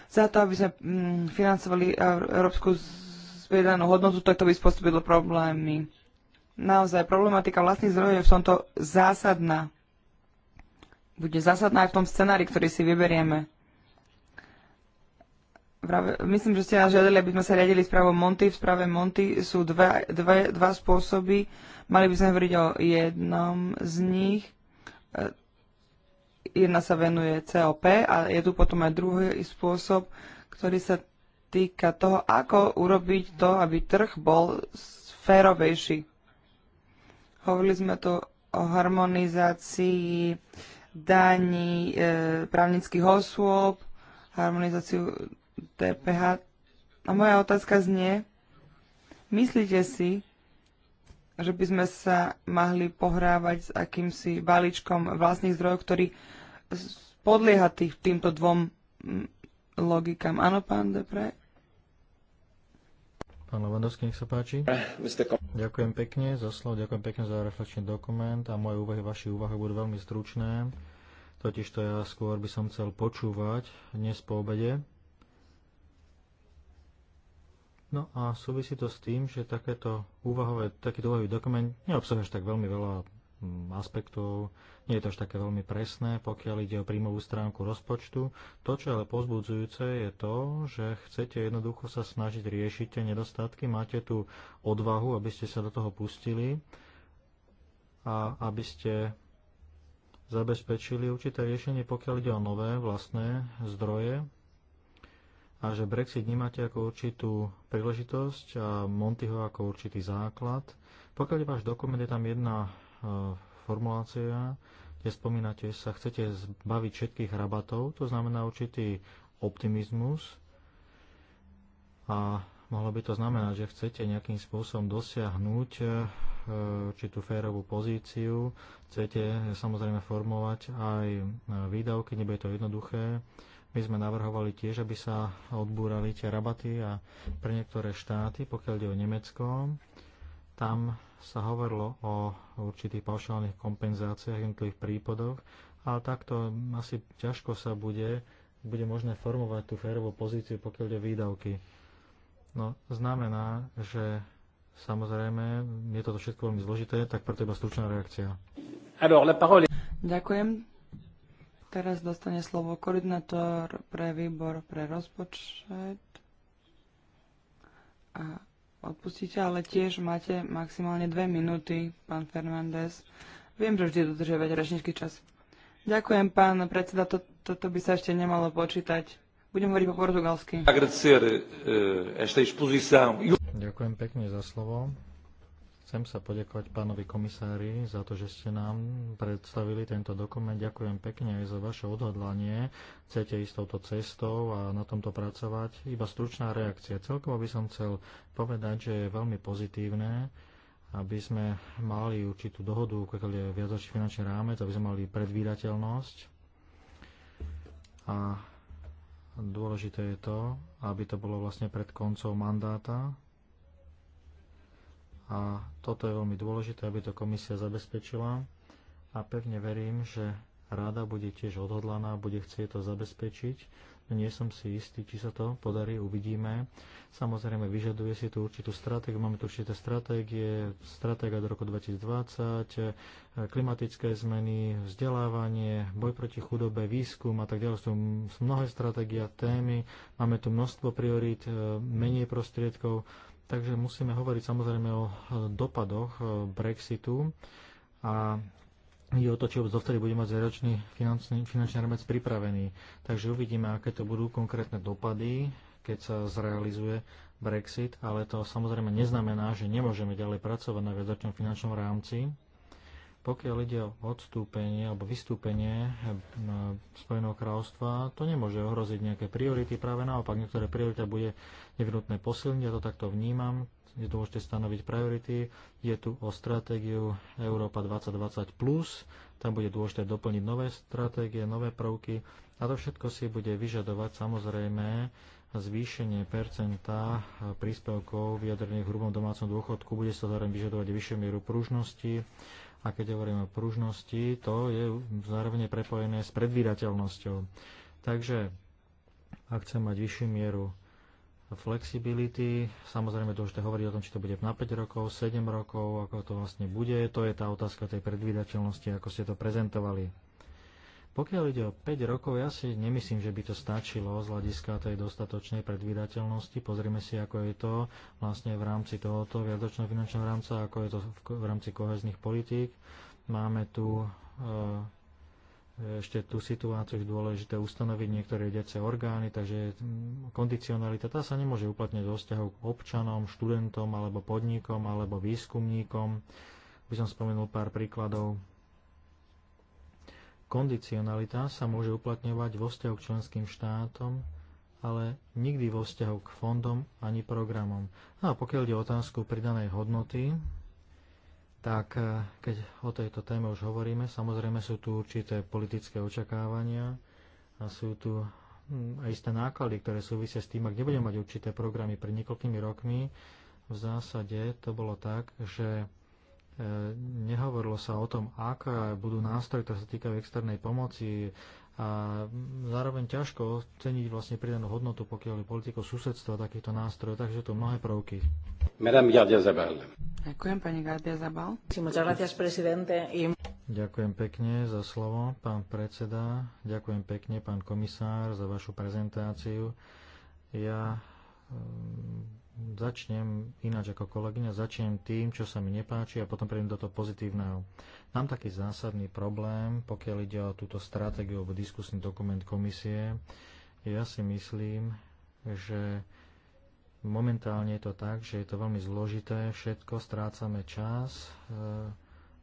za to, aby sme mm, financovali európsku zvedanú hodnotu, tak to by spôsobilo problémy. Naozaj, problematika vlastných zdrojov je v tomto zásadná. Bude zásadná aj v tom scenári, ktorý si vyberieme. Práve, myslím, že ste nás žiadali, aby sme sa riadili správou Monty. V správe Monty sú dva, dva, dva spôsoby. Mali by sme hovoriť o jednom z nich. E, jedna sa venuje COP a je tu potom aj druhý spôsob, ktorý sa týka toho, ako urobiť to, aby trh bol férovejší. Hovorili sme tu o harmonizácii daní e, právnických osôb, harmonizáciu DPH. A moja otázka znie, myslíte si, že by sme sa mohli pohrávať s akýmsi balíčkom vlastných zdrojov, ktorý podlieha tých, týmto dvom mm, logikám. Áno, pán Depre? Pán Lovandovský, nech sa páči. Ďakujem pekne za slovo, ďakujem pekne za reflekčný dokument a moje úvahy, vaše úvahy budú veľmi stručné. Totiž to ja skôr by som chcel počúvať dnes po obede. No a súvisí to s tým, že takéto úvahové, takýto úvahový dokument neobsahuje až tak veľmi veľa mm, aspektov, nie je to až také veľmi presné, pokiaľ ide o príjmovú stránku rozpočtu. To, čo je ale pozbudzujúce, je to, že chcete jednoducho sa snažiť riešiť tie nedostatky, máte tú odvahu, aby ste sa do toho pustili a aby ste zabezpečili určité riešenie, pokiaľ ide o nové vlastné zdroje a že Brexit vnímate ako určitú príležitosť a Montyho ako určitý základ. Pokiaľ je váš dokument, je tam jedna e, formulácia, kde spomínate, že sa chcete zbaviť všetkých rabatov, to znamená určitý optimizmus a mohlo by to znamenať, že chcete nejakým spôsobom dosiahnuť e, určitú férovú pozíciu, chcete samozrejme formovať aj e, výdavky, nebude to jednoduché, my sme navrhovali tiež, aby sa odbúrali tie rabaty a pre niektoré štáty, pokiaľ ide o Nemecko, tam sa hovorilo o určitých paušálnych kompenzáciách v jednotlivých prípadoch, ale takto asi ťažko sa bude, bude možné formovať tú férovú pozíciu, pokiaľ ide o výdavky. No, znamená, že samozrejme je toto všetko veľmi zložité, tak preto iba stručná reakcia. Ďakujem. Teraz dostane slovo koordinátor pre výbor pre rozpočet. A odpustíte, ale tiež máte maximálne dve minúty, pán Fernández. Viem, že vždy dodržiavať rečnícky čas. Ďakujem, pán predseda, to, toto by sa ešte nemalo počítať. Budem hovoriť po portugalsky. Eh, Ďakujem pekne za slovo. Chcem sa poďakovať pánovi komisári za to, že ste nám predstavili tento dokument. Ďakujem pekne aj za vaše odhodlanie. Chcete ísť touto cestou a na tomto pracovať. Iba stručná reakcia. Celkovo by som chcel povedať, že je veľmi pozitívne, aby sme mali určitú dohodu, keď je viacročný finančný rámec, aby sme mali predvídateľnosť. A dôležité je to, aby to bolo vlastne pred koncom mandáta a toto je veľmi dôležité, aby to komisia zabezpečila. A pevne verím, že rada bude tiež odhodlaná, bude chcieť to zabezpečiť. No nie som si istý, či sa to podarí, uvidíme. Samozrejme, vyžaduje si tu určitú stratégiu, máme tu určité stratégie, stratégia do roku 2020, e, klimatické zmeny, vzdelávanie, boj proti chudobe, výskum a tak ďalej. Sú mnohé stratégia, témy, máme tu množstvo priorít, e, menej prostriedkov, Takže musíme hovoriť samozrejme o e, dopadoch e, Brexitu a je o to, či dovtedy bude mať zeročný finančný, finančný rámec pripravený. Takže uvidíme, aké to budú konkrétne dopady, keď sa zrealizuje Brexit, ale to samozrejme neznamená, že nemôžeme ďalej pracovať na viacročnom finančnom rámci, pokiaľ ide o odstúpenie alebo vystúpenie eh, Spojeného kráľovstva, to nemôže ohroziť nejaké priority, práve naopak niektoré priority bude nevyhnutné posilniť, ja to takto vnímam, je tu môžete stanoviť priority, je tu o stratégiu Európa 2020+, tam bude dôležité doplniť nové stratégie, nové prvky a to všetko si bude vyžadovať samozrejme zvýšenie percenta príspevkov vyjadrených v hrubom domácom dôchodku bude sa zároveň vyžadovať vyššiu mieru pružnosti. A keď hovoríme o pružnosti, to je zároveň prepojené s predvídateľnosťou. Takže ak chcem mať vyššiu mieru flexibility. Samozrejme, dôležité hovoriť o tom, či to bude na 5 rokov, 7 rokov, ako to vlastne bude. To je tá otázka tej predvídateľnosti, ako ste to prezentovali. Pokiaľ ide o 5 rokov, ja si nemyslím, že by to stačilo z hľadiska tej dostatočnej predvídateľnosti. Pozrime si, ako je to vlastne v rámci tohoto viadočného finančného rámca, ako je to v rámci kohezných politík. Máme tu e, ešte tú situáciu, že dôležité ustanoviť niektoré riadiace orgány, takže kondicionalita tá sa nemôže uplatniť vo vzťahu k občanom, študentom alebo podnikom alebo výskumníkom. By som spomenul pár príkladov. Kondicionalita sa môže uplatňovať vo vzťahu k členským štátom, ale nikdy vo vzťahu k fondom ani programom. No a pokiaľ ide o otázku pridanej hodnoty, tak eh, keď o tejto téme už hovoríme, samozrejme sú tu určité politické očakávania a sú tu hm, aj isté náklady, ktoré súvisia s tým, ak nebudeme mať určité programy pred niekoľkými rokmi, v zásade to bolo tak, že nehovorilo sa o tom, aké budú nástroje, ktoré sa týkajú externej pomoci a zároveň ťažko oceniť vlastne pridanú hodnotu, pokiaľ je politikou susedstva takýchto nástrojov, takže to mnohé prvky. Ďakujem, pani Gardia Zabal. Ďakujem pekne za slovo, pán predseda. Ďakujem pekne, pán komisár, za vašu prezentáciu. Ja začnem ináč ako kolegyňa, začnem tým, čo sa mi nepáči a potom prejdem do toho pozitívneho. Mám taký zásadný problém, pokiaľ ide o túto stratégiu alebo diskusný dokument komisie. Ja si myslím, že momentálne je to tak, že je to veľmi zložité, všetko, strácame čas, e,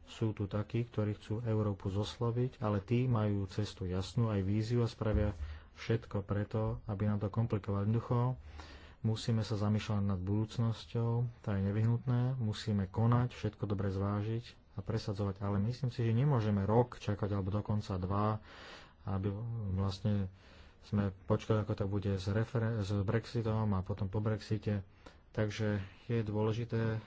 sú tu takí, ktorí chcú Európu zosloviť, ale tí majú cestu jasnú, aj víziu a spravia všetko preto, aby nám to komplikovali. Jednoducho, Musíme sa zamýšľať nad budúcnosťou, tá je nevyhnutné, musíme konať, všetko dobre zvážiť a presadzovať, ale myslím si, že nemôžeme rok čakať alebo dokonca dva, aby vlastne sme počkali, ako to bude s, s Brexitom a potom po Brexite. Takže je dôležité e,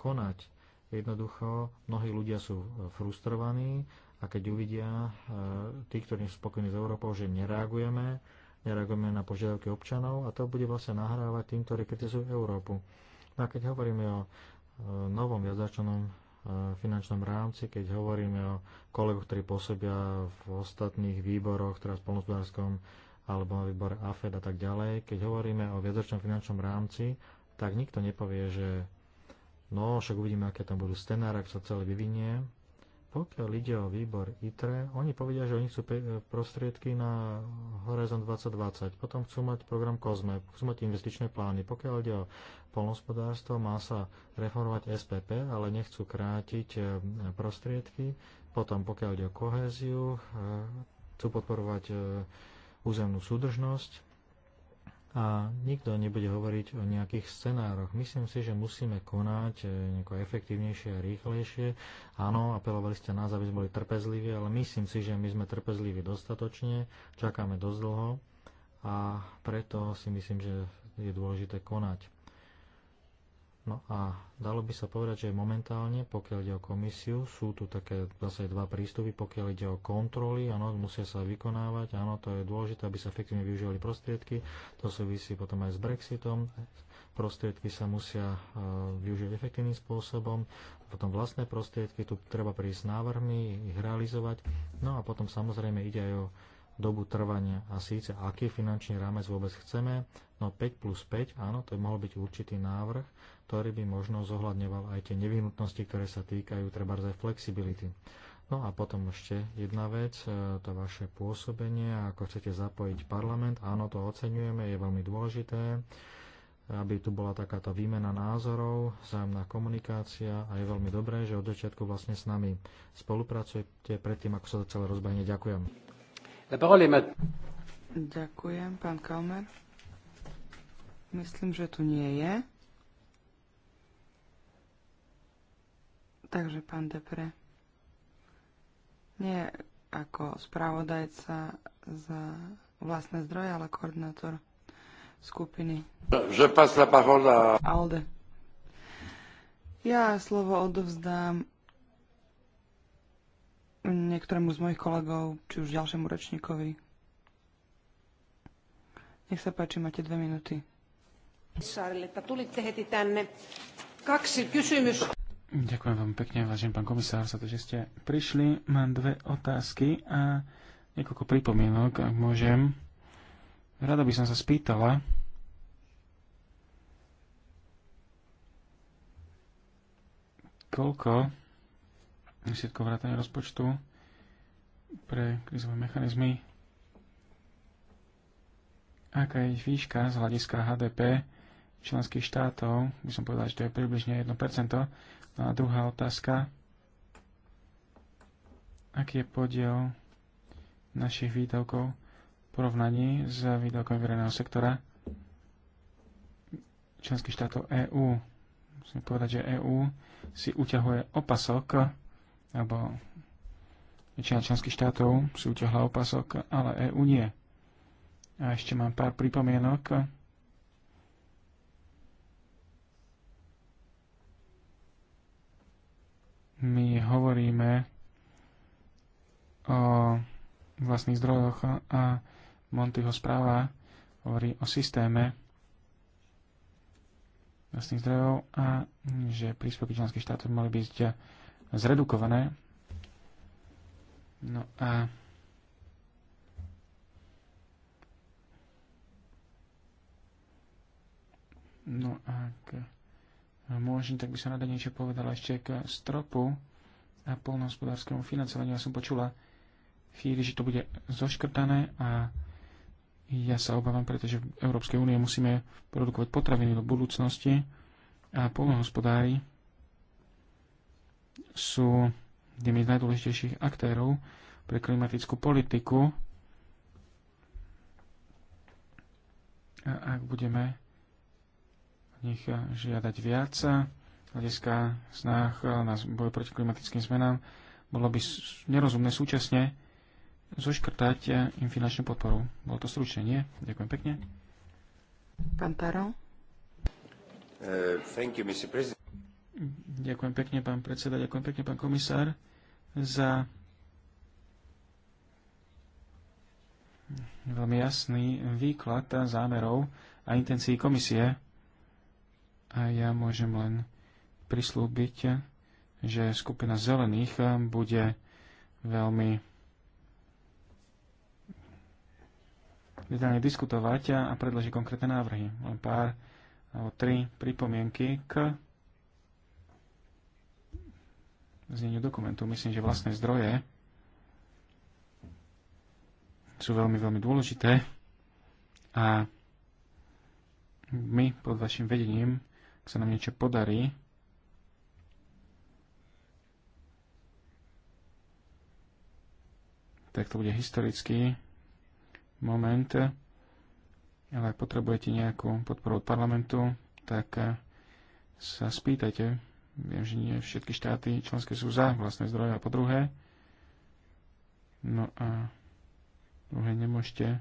konať. Jednoducho, mnohí ľudia sú e, frustrovaní a keď uvidia e, tí, ktorí sú spokojní s Európou, že nereagujeme, nereagujeme na požiadavky občanov a to bude vlastne nahrávať tým, ktorí kritizujú Európu. No a keď hovoríme o e, novom viacdačnom e, finančnom rámci, keď hovoríme o kolegoch, ktorí pôsobia v ostatných výboroch, teraz v polnospodárskom alebo na výbore AFED a tak ďalej, keď hovoríme o viacročnom finančnom rámci, tak nikto nepovie, že no, však uvidíme, aké tam budú scenáre, ak sa celé vyvinie. Pokiaľ ide o výbor ITRE, oni povedia, že oni chcú e, prostriedky na Horizon 2020, potom chcú mať program COSME, chcú mať investičné plány. Pokiaľ ide o polnospodárstvo, má sa reformovať SPP, ale nechcú krátiť e, prostriedky. Potom, pokiaľ ide o kohéziu, e, chcú podporovať územnú súdržnosť a nikto nebude hovoriť o nejakých scenároch. Myslím si, že musíme konať e, nejako efektívnejšie a rýchlejšie. Áno, apelovali ste nás, aby sme boli trpezliví, ale myslím si, že my sme trpezliví dostatočne, čakáme dosť dlho a preto si myslím, že je dôležité konať. No a dalo by sa povedať, že momentálne, pokiaľ ide o komisiu, sú tu také zase dva prístupy, pokiaľ ide o kontroly, áno, musia sa vykonávať, áno, to je dôležité, aby sa efektívne využívali prostriedky, to súvisí potom aj s Brexitom, prostriedky sa musia e, využiť efektívnym spôsobom, potom vlastné prostriedky, tu treba prísť s návrhmi, ich realizovať, no a potom samozrejme ide aj o dobu trvania a síce aký finančný rámec vôbec chceme. No 5 plus 5, áno, to by mohol byť určitý návrh, ktorý by možno zohľadňoval aj tie nevyhnutnosti, ktoré sa týkajú treba aj flexibility. No a potom ešte jedna vec, e, to vaše pôsobenie, ako chcete zapojiť parlament, áno, to oceňujeme, je veľmi dôležité, aby tu bola takáto výmena názorov, vzájomná komunikácia a je veľmi dobré, že od začiatku vlastne s nami spolupracujete predtým, ako sa to celé rozbehne. Ďakujem. La parole est maintenant. Ďakujem, pán Kalmer. Myslím, že tu nie je. Takže, pán Depre, nie ako spravodajca za vlastné zdroje, ale koordinátor skupiny. Je passe la parole à... Alde. Ja slovo odovzdám niektorému z mojich kolegov, či už ďalšiemu rečníkovi. Nech sa páči, máte dve minúty. Ďakujem vám pekne, vážený pán komisár, za to, že ste prišli. Mám dve otázky a niekoľko pripomienok, ak môžem. Rada by som sa spýtala, koľko všetko vrátanie rozpočtu pre krizové mechanizmy, aká je výška z hľadiska HDP členských štátov, by som povedal, že to je približne 1%. No a druhá otázka, aký je podiel našich výdavkov v porovnaní s výdavkami verejného sektora členských štátov EÚ. Musím povedať, že EÚ si uťahuje opasok alebo väčšina členských štátov si utiahla opasok, ale EU nie. A ešte mám pár pripomienok. My hovoríme o vlastných zdrojoch a Montyho správa hovorí o systéme vlastných zdrojov a že príspevky členských štátov mali byť zredukované. No a No a ak môžem, tak by som rada niečo povedala ešte k stropu a polnohospodárskému financovaniu. Ja som počula chvíli, že to bude zoškrtané a ja sa obávam, pretože v Európskej únie musíme produkovať potraviny do budúcnosti a polnohospodári sú jedným z najdôležitejších aktérov pre klimatickú politiku. A ak budeme nich žiadať viac, hľadiska snah na boj proti klimatickým zmenám, bolo by nerozumné súčasne zoškrtať im finančnú podporu. Bolo to stručne, nie? Ďakujem pekne. Pán Paro. Uh, you, Ďakujem pekne, pán predseda, ďakujem pekne, pán komisár, za veľmi jasný výklad a zámerov a intencií komisie. A ja môžem len prislúbiť, že skupina zelených bude veľmi detálne diskutovať a predloží konkrétne návrhy. Len pár alebo tri pripomienky k zneniu dokumentu. Myslím, že vlastné zdroje sú veľmi, veľmi dôležité a my pod vašim vedením, ak sa nám niečo podarí, tak to bude historický moment, ale ak potrebujete nejakú podporu od parlamentu, tak sa spýtajte Viem, že nie všetky štáty členské sú za vlastné zdroje a po druhé. No a druhé nemôžete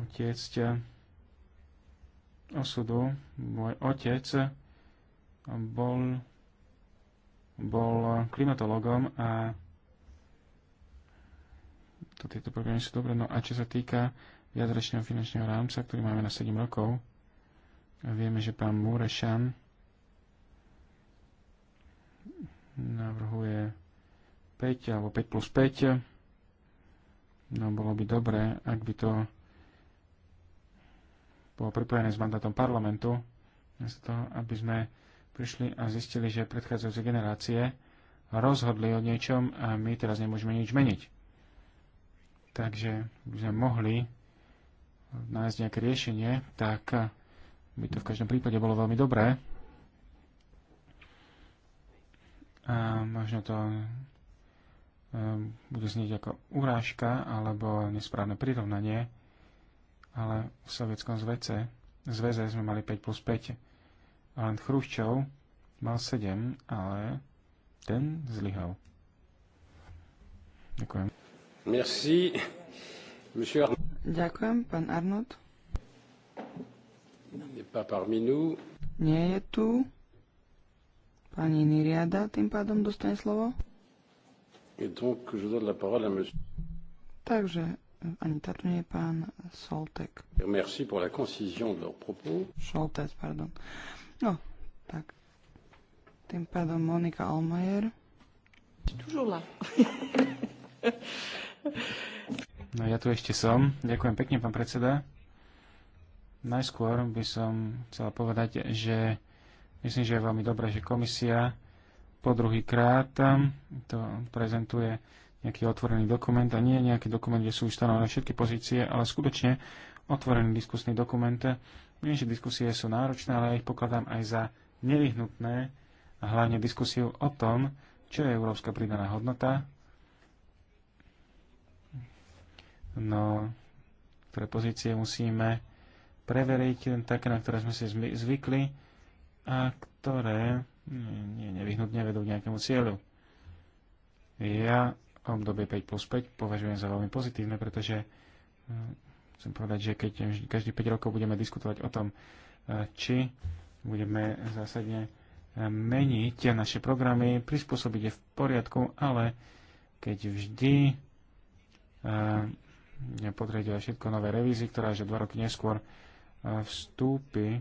utiecť osudu. Môj otec bol, bol klimatologom a to tieto programy sú dobré. No a čo sa týka viacročného finančného rámca, ktorý máme na 7 rokov, vieme, že pán Múrešan navrhuje 5 alebo 5 plus 5. No bolo by dobré, ak by to bolo pripojené s mandátom parlamentu, to, aby sme prišli a zistili, že predchádzajúce generácie rozhodli o niečom a my teraz nemôžeme nič meniť. Takže by sme mohli nájsť nejaké riešenie, tak by to v každom prípade bolo veľmi dobré. a možno to e, bude znieť ako urážka alebo nesprávne prirovnanie, ale v sovietskom zväze, zväze sme mali 5 plus 5 a len Chruščov mal 7, ale ten zlyhal. Ďakujem. Merci. Monsieur Ďakujem, pán Arnold. Nie je tu. Pani Niriada tým pádom dostane slovo. Takže ani táto nie je pán Soltek. Merci pour la concision de leurs propos. Soltek, pardon. No, tak. Tým pádom Monika Almajer. Toujours là. no ja tu ešte som. Ďakujem pekne, pán predseda. Najskôr by som chcela povedať, že Myslím, že je veľmi dobré, že komisia po druhý krát to prezentuje nejaký otvorený dokument a nie nejaký dokument, kde sú stanovené všetky pozície, ale skutočne otvorený diskusný dokument. Viem, že diskusie sú náročné, ale ja ich pokladám aj za nevyhnutné a hlavne diskusiu o tom, čo je európska pridaná hodnota, no, ktoré pozície musíme preveriť, také, na ktoré sme si zvykli, a ktoré nie, nevyhnutne vedú k nejakému cieľu. Ja obdobie 5 plus 5 považujem za veľmi pozitívne, pretože hm, chcem povedať, že keď každý 5 rokov budeme diskutovať o tom, eh, či budeme zásadne eh, meniť naše programy, prispôsobiť je v poriadku, ale keď vždy eh, potrebuje všetko nové revízy, ktorá že dva roky neskôr vstúpi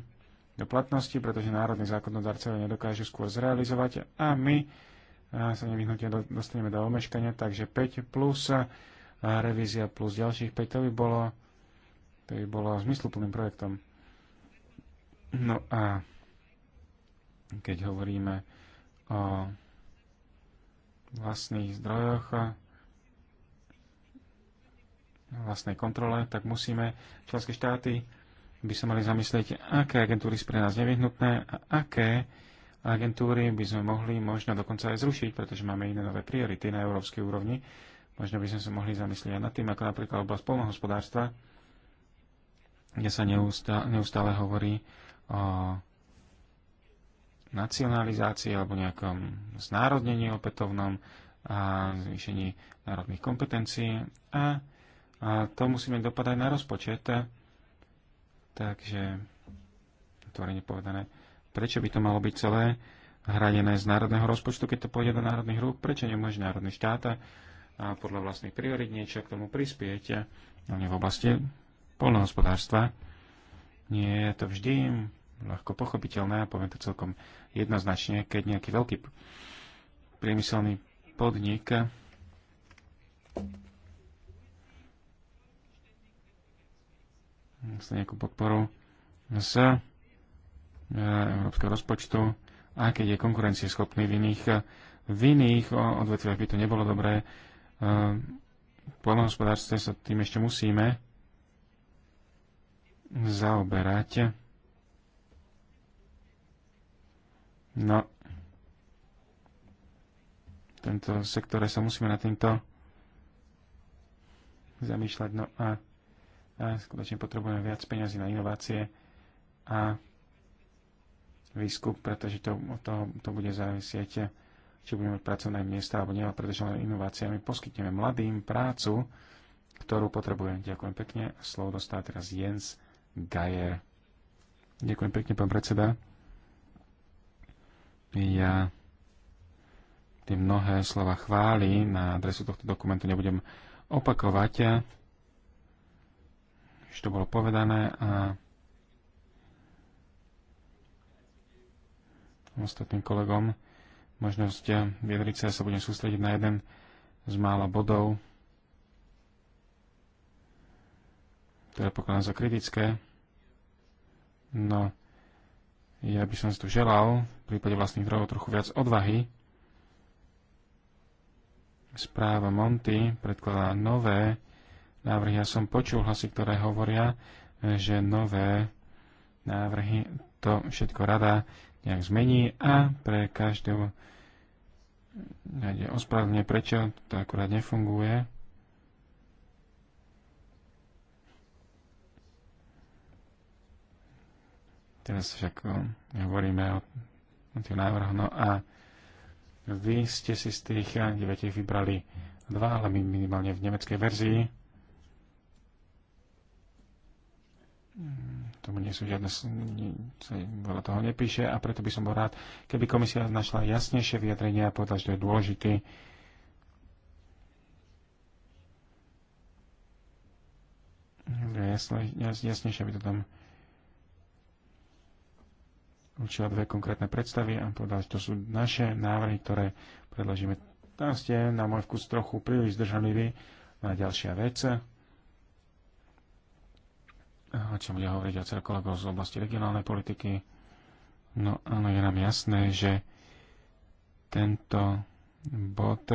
do platnosti, pretože národní zákonodarcovia nedokážu skôr zrealizovať a my sa nevyhnutne dostaneme do omeškania, takže 5 plus revízia plus ďalších 5, to by bolo, to by bolo zmysluplným projektom. No a keď hovoríme o vlastných zdrojoch, vlastnej kontrole, tak musíme členské štáty by sa mali zamyslieť, aké agentúry sú pre nás nevyhnutné a aké agentúry by sme mohli možno dokonca aj zrušiť, pretože máme iné nové priority na európskej úrovni. Možno by sme sa mohli zamyslieť aj nad tým, ako napríklad oblasť polnohospodárstva, kde sa neustále, neustále hovorí o nacionalizácii alebo nejakom znárodnení opätovnom a zvýšení národných kompetencií a, a to musíme dopadať na rozpočet Takže, otvorene povedané, prečo by to malo byť celé hradené z národného rozpočtu, keď to pôjde do národných rúk, prečo nemôže národný štát a podľa vlastných priorit niečo k tomu prispieť, hlavne v oblasti polnohospodárstva. Nie je to vždy ľahko pochopiteľné, a poviem to celkom jednoznačne, keď nejaký veľký priemyselný podnik s nejakú podporu z e, európskeho rozpočtu, aj keď je konkurencieschopný v iných, v iných odvetviach by to nebolo dobré. E, v poľnohospodárstve sa tým ešte musíme zaoberať. No, tento sektore sa musíme na týmto zamýšľať. No a a skutočne potrebujeme viac peňazí na inovácie a výskup, pretože to, to, to bude závisieť, či budeme mať pracovné miesta alebo nie, pretože len inováciami poskytneme mladým prácu, ktorú potrebujem. Ďakujem pekne. Slovo dostá teraz Jens Geier. Ďakujem pekne, pán predseda. Ja tie mnohé slova chváli na adresu tohto dokumentu nebudem opakovať. Čo to bolo povedané a ostatným kolegom možnosť vyjadriť sa. Ja sa budem sústrediť na jeden z mála bodov, ktoré pokladám za kritické. No, ja by som si tu želal v prípade vlastných zdrojov trochu viac odvahy. Správa Monty predkladá nové návrhy. Ja som počul hlasy, ktoré hovoria, e, že nové návrhy to všetko rada nejak zmení a pre každého nájde ospravedlne, prečo to akurát nefunguje. Teraz však e, hovoríme o, o tých návrhoch. No a vy ste si z tých 9 e, vybrali dva, ale minimálne v nemeckej verzii tomu nie sú žiadne, veľa toho nepíše a preto by som bol rád, keby komisia našla jasnejšie vyjadrenie a povedala, že to je dôležitý jasnejšie by to tam určila dve konkrétne predstavy a povedala, že to sú naše návrhy, ktoré predložíme. Tam ste na môj vkus trochu príliš zdržanliví na ďalšia vec o čom bude hovoriť viacero kolegov z oblasti regionálnej politiky. No ale je nám jasné, že tento bod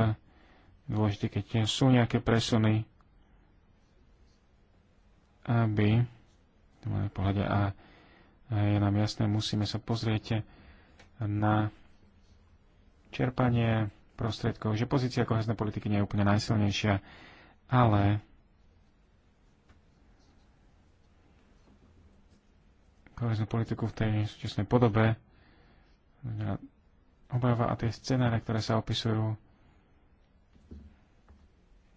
dôležitý, keď sú nejaké presuny, aby v pohľade a je nám jasné, musíme sa pozrieť na čerpanie prostriedkov, že pozícia kohezné politiky nie je úplne najsilnejšia, ale koheznú politiku v tej súčasnej podobe, teda obáva a tie scenáre, ktoré sa opisujú,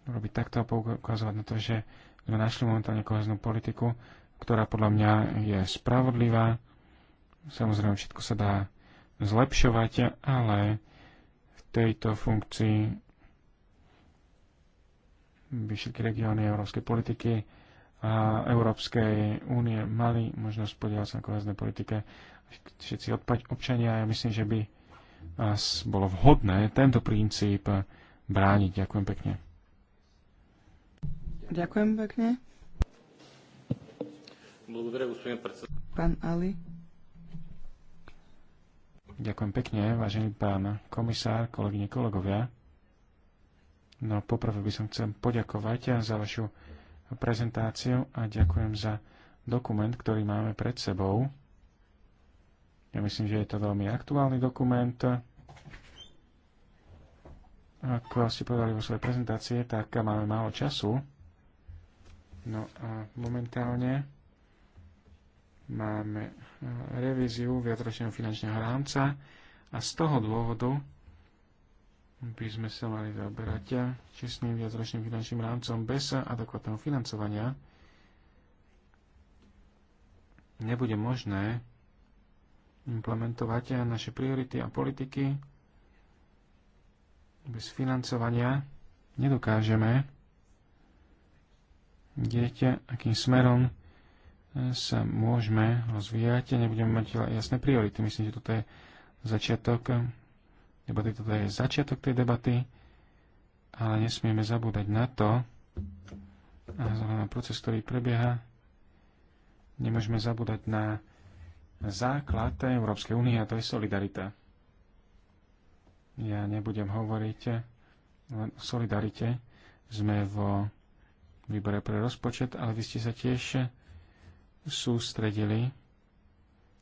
robiť takto a poukazovať na to, že sme našli momentálne koheznú politiku, ktorá podľa mňa je spravodlivá. Samozrejme, všetko sa dá zlepšovať, ale v tejto funkcii by všetky regióny európskej politiky Európskej únie mali možnosť podielať sa na kohezné politike všetci občania. Ja myslím, že by bolo vhodné tento princíp brániť. Ďakujem pekne. Ďakujem pekne. Pán Ali. Ďakujem pekne, vážený pán komisár, kolegyne, kolegovia. No poprvé by som chcel poďakovať za vašu prezentáciu a ďakujem za dokument, ktorý máme pred sebou. Ja myslím, že je to veľmi aktuálny dokument. Ako ste povedali vo svojej prezentácie, tak máme málo času. No a momentálne máme eh, revíziu viacročného finančného rámca a z toho dôvodu by sme sa mali zaoberať čestným viacročným finančným rámcom bez adekvátneho financovania nebude možné implementovať naše priority a politiky. Bez financovania nedokážeme vidieť, akým smerom sa môžeme rozvíjať a nebudeme mať jasné priority. Myslím, že toto je začiatok debaty. Toto je začiatok tej debaty, ale nesmieme zabúdať na to, na proces, ktorý prebieha, nemôžeme zabúdať na základ Európskej únie a to je solidarita. Ja nebudem hovoriť len o solidarite. Sme vo výbore pre rozpočet, ale vy ste sa tiež sústredili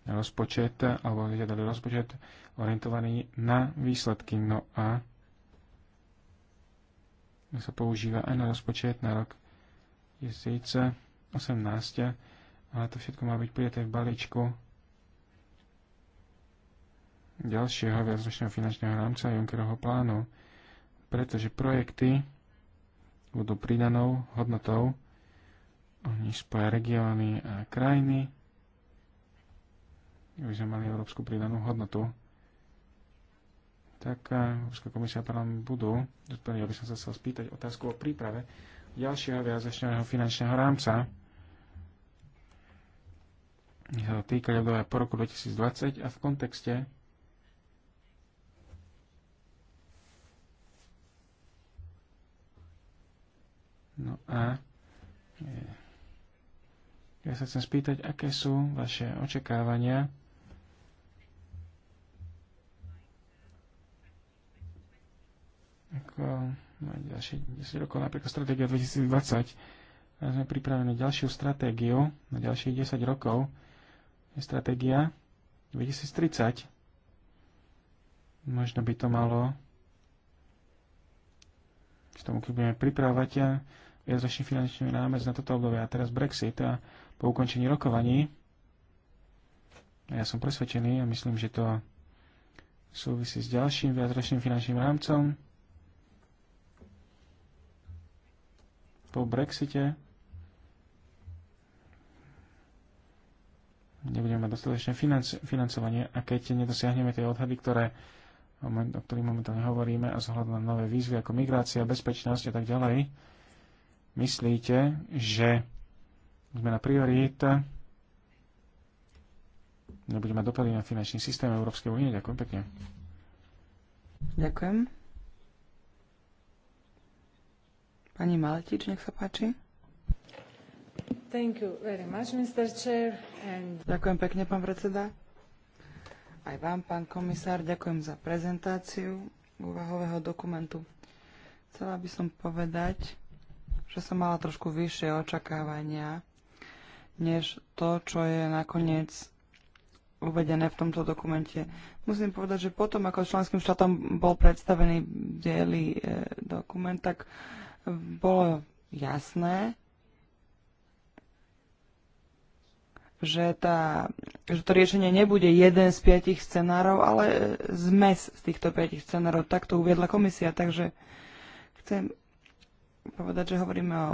rozpočet, alebo vyžiadali rozpočet orientovaný na výsledky. No a sa používa aj na rozpočet na rok 2018, ale to všetko má byť prijaté v balíčku ďalšieho viacročného finančného rámca Junckerovho plánu, pretože projekty budú pridanou hodnotou, oni spoja regióny a krajiny, by sme mali európsku pridanú hodnotu, tak eh, Európska komisia a parlament budú. Ja by som sa chcel spýtať otázku o príprave ďalšieho viacročného finančného rámca. Sa to týka ľudové po roku 2020 a v kontexte No a eh, ja sa chcem spýtať, aké sú vaše očakávania ako na ďalšie 10 rokov, napríklad stratégia 2020, sme pripravení ďalšiu stratégiu na ďalších 10 rokov, je stratégia 2030. Možno by to malo k tomu, keď budeme pripravovať a viacročný finančný rámec na toto obdobie a teraz Brexit a po ukončení rokovaní ja som presvedčený a myslím, že to súvisí s ďalším viacročným finančným rámcom po Brexite nebudeme mať dostatečné financovanie a keď nedosiahneme tie odhady, ktoré, o ktorých momentálne hovoríme a zohľadom na nové výzvy ako migrácia, bezpečnosť a tak ďalej, myslíte, že zmena priorít nebude mať dopady na finančný systém Európskej únie? Ďakujem pekne. Ďakujem. Pani Maletič, nech sa páči. Much, Chair, and... Ďakujem pekne, pán predseda. Aj vám, pán komisár, ďakujem za prezentáciu úvahového dokumentu. Chcela by som povedať, že som mala trošku vyššie očakávania, než to, čo je nakoniec uvedené v tomto dokumente. Musím povedať, že potom, ako členským štátom bol predstavený biely e, dokument, tak e, bolo jasné, že, tá, že to riešenie nebude jeden z piatich scenárov, ale zmes z týchto piatich scenárov. Tak to uviedla komisia, takže chcem povedať, že hovoríme o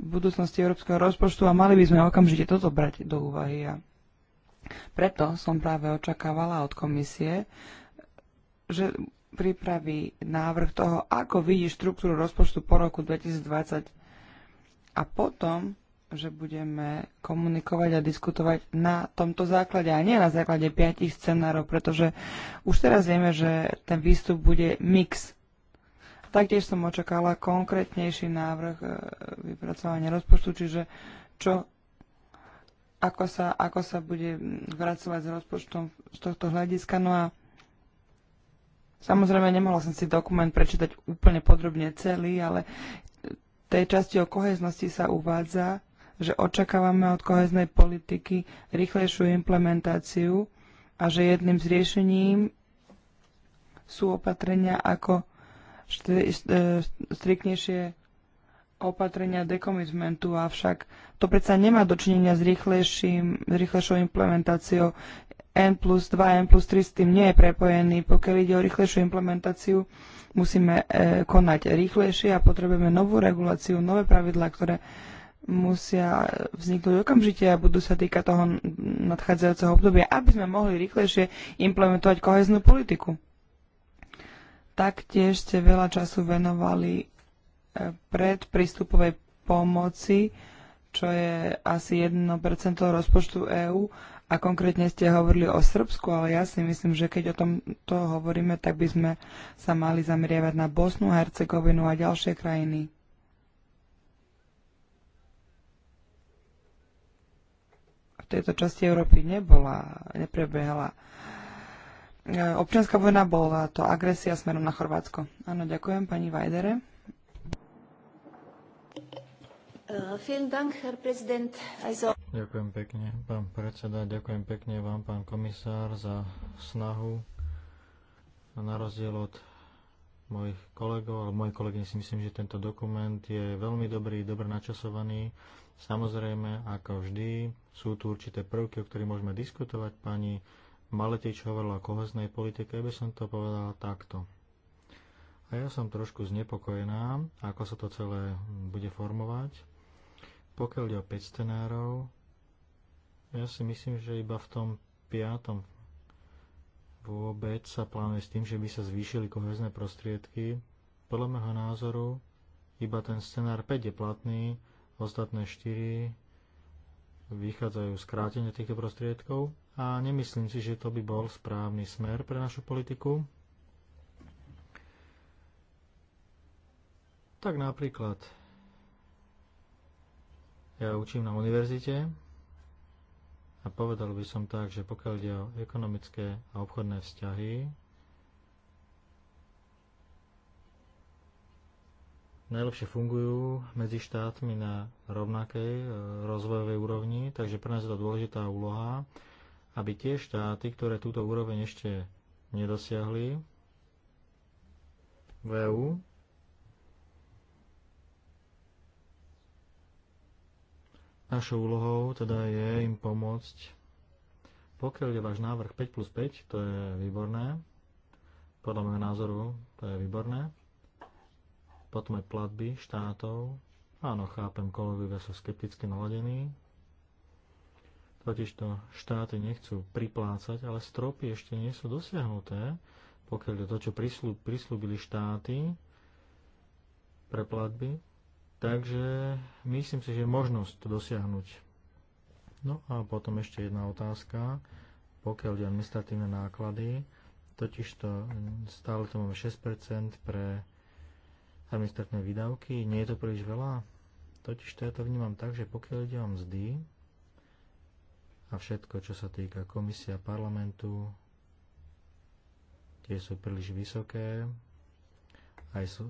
budúcnosti európskeho rozpočtu a mali by sme okamžite toto brať do úvahy. A preto som práve očakávala od komisie, že pripraví návrh toho, ako vidí štruktúru rozpočtu po roku 2020 a potom, že budeme komunikovať a diskutovať na tomto základe a nie na základe piatich scenárov, pretože už teraz vieme, že ten výstup bude mix. Taktiež som očakala konkrétnejší návrh e, vypracovania rozpočtu, čiže čo ako sa, ako sa bude vracovať s rozpočtom z tohto hľadiska. No a Samozrejme, nemohla som si dokument prečítať úplne podrobne celý, ale tej časti o koheznosti sa uvádza, že očakávame od koheznej politiky rýchlejšiu implementáciu a že jedným z riešením sú opatrenia ako e, striknejšie opatrenia dekomitmentu, avšak to predsa nemá dočinenia s, s rýchlejšou implementáciou. N plus 2, N plus 3 s tým nie je prepojený. Pokiaľ ide o rýchlejšiu implementáciu, musíme e, konať rýchlejšie a potrebujeme novú reguláciu, nové pravidlá, ktoré musia vzniknúť okamžite a budú sa týkať toho nadchádzajúceho obdobia, aby sme mohli rýchlejšie implementovať koheznú politiku. Taktiež ste veľa času venovali e, predprístupovej pomoci, čo je asi 1% rozpočtu EÚ a konkrétne ste hovorili o Srbsku, ale ja si myslím, že keď o tom to hovoríme, tak by sme sa mali zameriavať na Bosnu, Hercegovinu a ďalšie krajiny. V tejto časti Európy nebola, neprebehala. E, občianská vojna bola to agresia smerom na Chorvátsko. Áno, ďakujem pani Vajdere. Äh, ďakujem pekne, pán predseda, ďakujem pekne vám, pán komisár, za snahu. a Na rozdiel od mojich kolegov, ale moji kolegy si myslím, že tento dokument je veľmi dobrý, dobre načasovaný. Samozrejme, ako vždy, sú tu určité prvky, o ktorých môžeme diskutovať. Pani Maletič hovorila o kohoznej politike, aby som to povedal takto. A ja som trošku znepokojená, ako sa to celé bude formovať pokiaľ ide o 5 scenárov, ja si myslím, že iba v tom 5. vôbec sa plánuje s tým, že by sa zvýšili kohezné prostriedky. Podľa môjho názoru iba ten scenár 5 je platný, ostatné 4 vychádzajú z krátenia týchto prostriedkov a nemyslím si, že to by bol správny smer pre našu politiku. Tak napríklad ja učím na univerzite a povedal by som tak, že pokiaľ ide o ekonomické a obchodné vzťahy, najlepšie fungujú medzi štátmi na rovnakej e, rozvojovej úrovni, takže pre nás je to dôležitá úloha, aby tie štáty, ktoré túto úroveň ešte nedosiahli v EU, Našou úlohou teda je im pomôcť. Pokiaľ je váš návrh 5 plus 5, to je výborné. Podľa môjho názoru to je výborné. Potom aj platby štátov. Áno, chápem, kolegovia sú skepticky naladení. Totižto štáty nechcú priplácať, ale stropy ešte nie sú dosiahnuté. Pokiaľ je to, čo prislúbili štáty pre platby, Takže myslím si, že je možnosť to dosiahnuť. No a potom ešte jedna otázka, pokiaľ ide administratívne náklady, totiž to stále to máme 6% pre administratívne výdavky, nie je to príliš veľa. Totiž to ja to vnímam tak, že pokiaľ ide o mzdy a všetko, čo sa týka komisia parlamentu, tie sú príliš vysoké, aj sú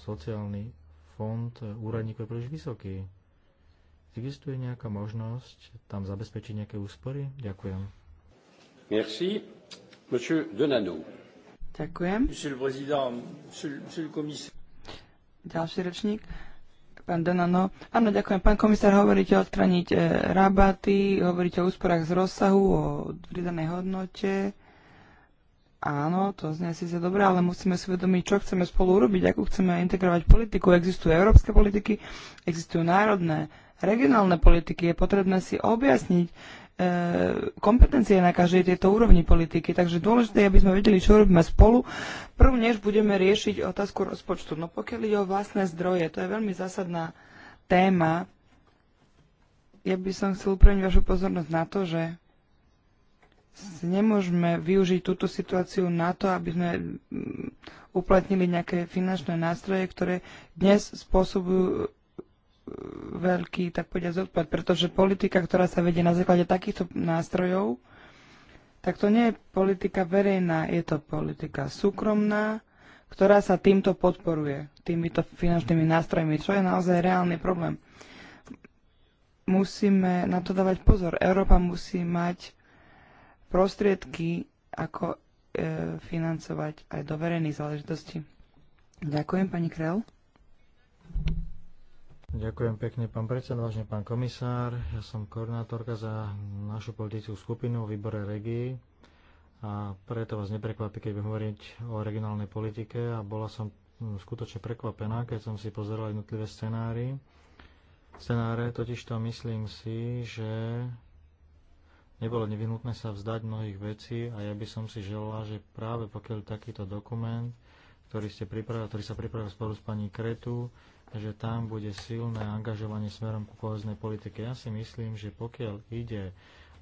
sociálny fond e, úradníkov je príliš vysoký. Existuje nejaká možnosť tam zabezpečiť nejaké úspory? Ďakujem. Merci. Monsieur Donano. Ďakujem. Monsieur le président, monsieur, monsieur le commissaire. Ďalší rečník. Pán Donano. Áno, ďakujem. Pán komisár, hovoríte o odstraniť e, rabaty, hovoríte o úsporách z rozsahu, o pridanej hodnote Áno, to znie síce dobre, ale musíme si uvedomiť, čo chceme spolu urobiť, ako chceme integrovať politiku. Existujú európske politiky, existujú národné, regionálne politiky. Je potrebné si objasniť e, kompetencie na každej tejto úrovni politiky. Takže dôležité je, aby sme vedeli, čo robíme spolu, prv než budeme riešiť otázku rozpočtu. No pokiaľ ide o vlastné zdroje, to je veľmi zásadná téma. Ja by som chcel upraviť vašu pozornosť na to, že nemôžeme využiť túto situáciu na to, aby sme mm, uplatnili nejaké finančné nástroje, ktoré dnes spôsobujú e, veľký, tak povedať, odpad, pretože politika, ktorá sa vedie na základe takýchto nástrojov, tak to nie je politika verejná, je to politika súkromná, ktorá sa týmto podporuje, týmito finančnými nástrojmi, čo je naozaj reálny problém. Musíme na to dávať pozor. Európa musí mať prostriedky, ako e, financovať aj do verejnej záležitosti. Ďakujem, pani Krel. Ďakujem pekne, pán predseda, vážne pán komisár. Ja som koordinátorka za našu politickú skupinu v výbore regii a preto vás neprekvapí, keď budem hovoriť o regionálnej politike a bola som skutočne prekvapená, keď som si pozeral jednotlivé scenári. Scenáre, totižto myslím si, že nebolo nevyhnutné sa vzdať mnohých vecí a ja by som si želala, že práve pokiaľ takýto dokument, ktorý, ste pripravil, ktorý sa pripravil spolu s pani Kretu, že tam bude silné angažovanie smerom ku koheznej politike. Ja si myslím, že pokiaľ ide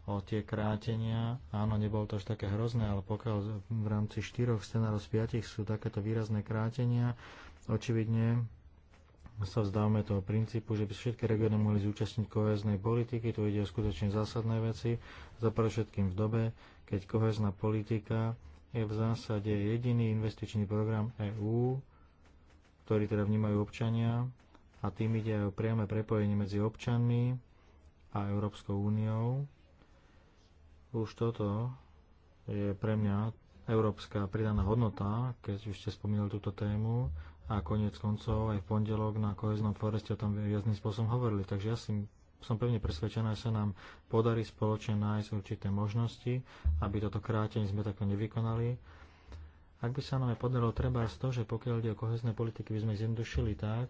o tie krátenia, áno, nebolo to až také hrozné, ale pokiaľ v rámci štyroch scenárov z piatich sú takéto výrazné krátenia, očividne sa vzdávame toho princípu, že by všetky regióny mohli zúčastniť koheznej politiky, tu ide o skutočne zásadné veci, za všetkým v dobe, keď kohezná politika je v zásade jediný investičný program EÚ, ktorý teda vnímajú občania a tým ide aj o priame prepojenie medzi občanmi a Európskou úniou. Už toto je pre mňa európska pridaná hodnota, keď už ste spomínali túto tému a koniec koncov aj v pondelok na koheznom foreste o tom výrazným spôsobom hovorili. Takže ja si, som pevne presvedčená, že sa nám podarí spoločne nájsť určité možnosti, aby toto krátenie sme takto nevykonali. Ak by sa nám aj podarilo treba z to, že pokiaľ ide o kohezné politiky, by sme zjednodušili tak,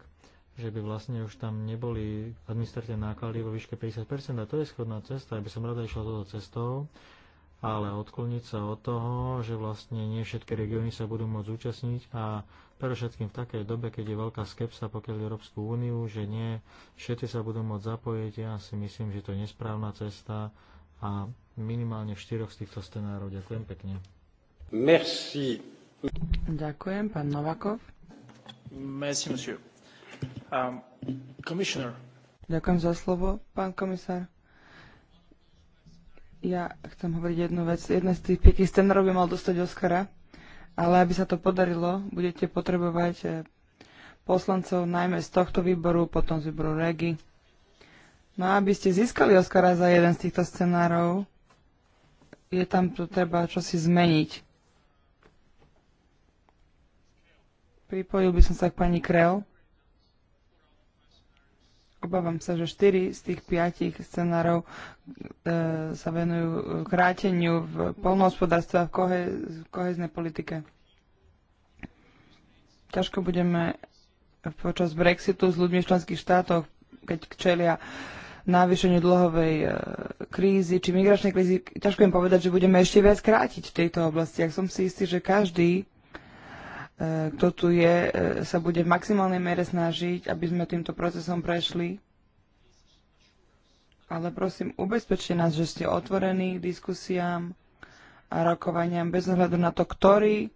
že by vlastne už tam neboli administratívne náklady vo výške 50%. A to je schodná cesta, aby som rada išla toto cestou ale odkloniť sa od toho, že vlastne nie všetky regióny sa budú môcť zúčastniť a všetkým v takej dobe, keď je veľká skepsa pokiaľ Európsku úniu, že nie, všetci sa budú môcť zapojiť, ja si myslím, že to je nesprávna cesta a minimálne v štyroch z týchto scenárov. Ďakujem pekne. Merci. Ďakujem, pán Novakov. Merci, monsieur. Um, commissioner. Ďakujem za slovo, pán komisár. Ja chcem hovoriť jednu vec. jedna z tých piekých scenárov by mal dostať Oscara, ale aby sa to podarilo, budete potrebovať eh, poslancov najmä z tohto výboru, potom z výboru REGI. No a aby ste získali Oscara za jeden z týchto scenárov, je tam tu treba čosi zmeniť. Pripojil by som sa k pani Krell. Obávam sa, že 4 z tých 5 scenárov e, sa venujú kráteniu v polnohospodárstve a v, kohe, v koheznej politike. Ťažko budeme počas Brexitu s ľuďmi v členských štátoch, keď čelia návyšeniu dlhovej e, krízy či migračnej krízy, ťažko im povedať, že budeme ešte viac krátiť v tejto oblasti. Ak som si istý, že každý kto tu je, e, sa bude v maximálnej mere snažiť, aby sme týmto procesom prešli. Ale prosím, ubezpečte nás, že ste otvorení k diskusiám a rokovaniam bez ohľadu na to, ktorý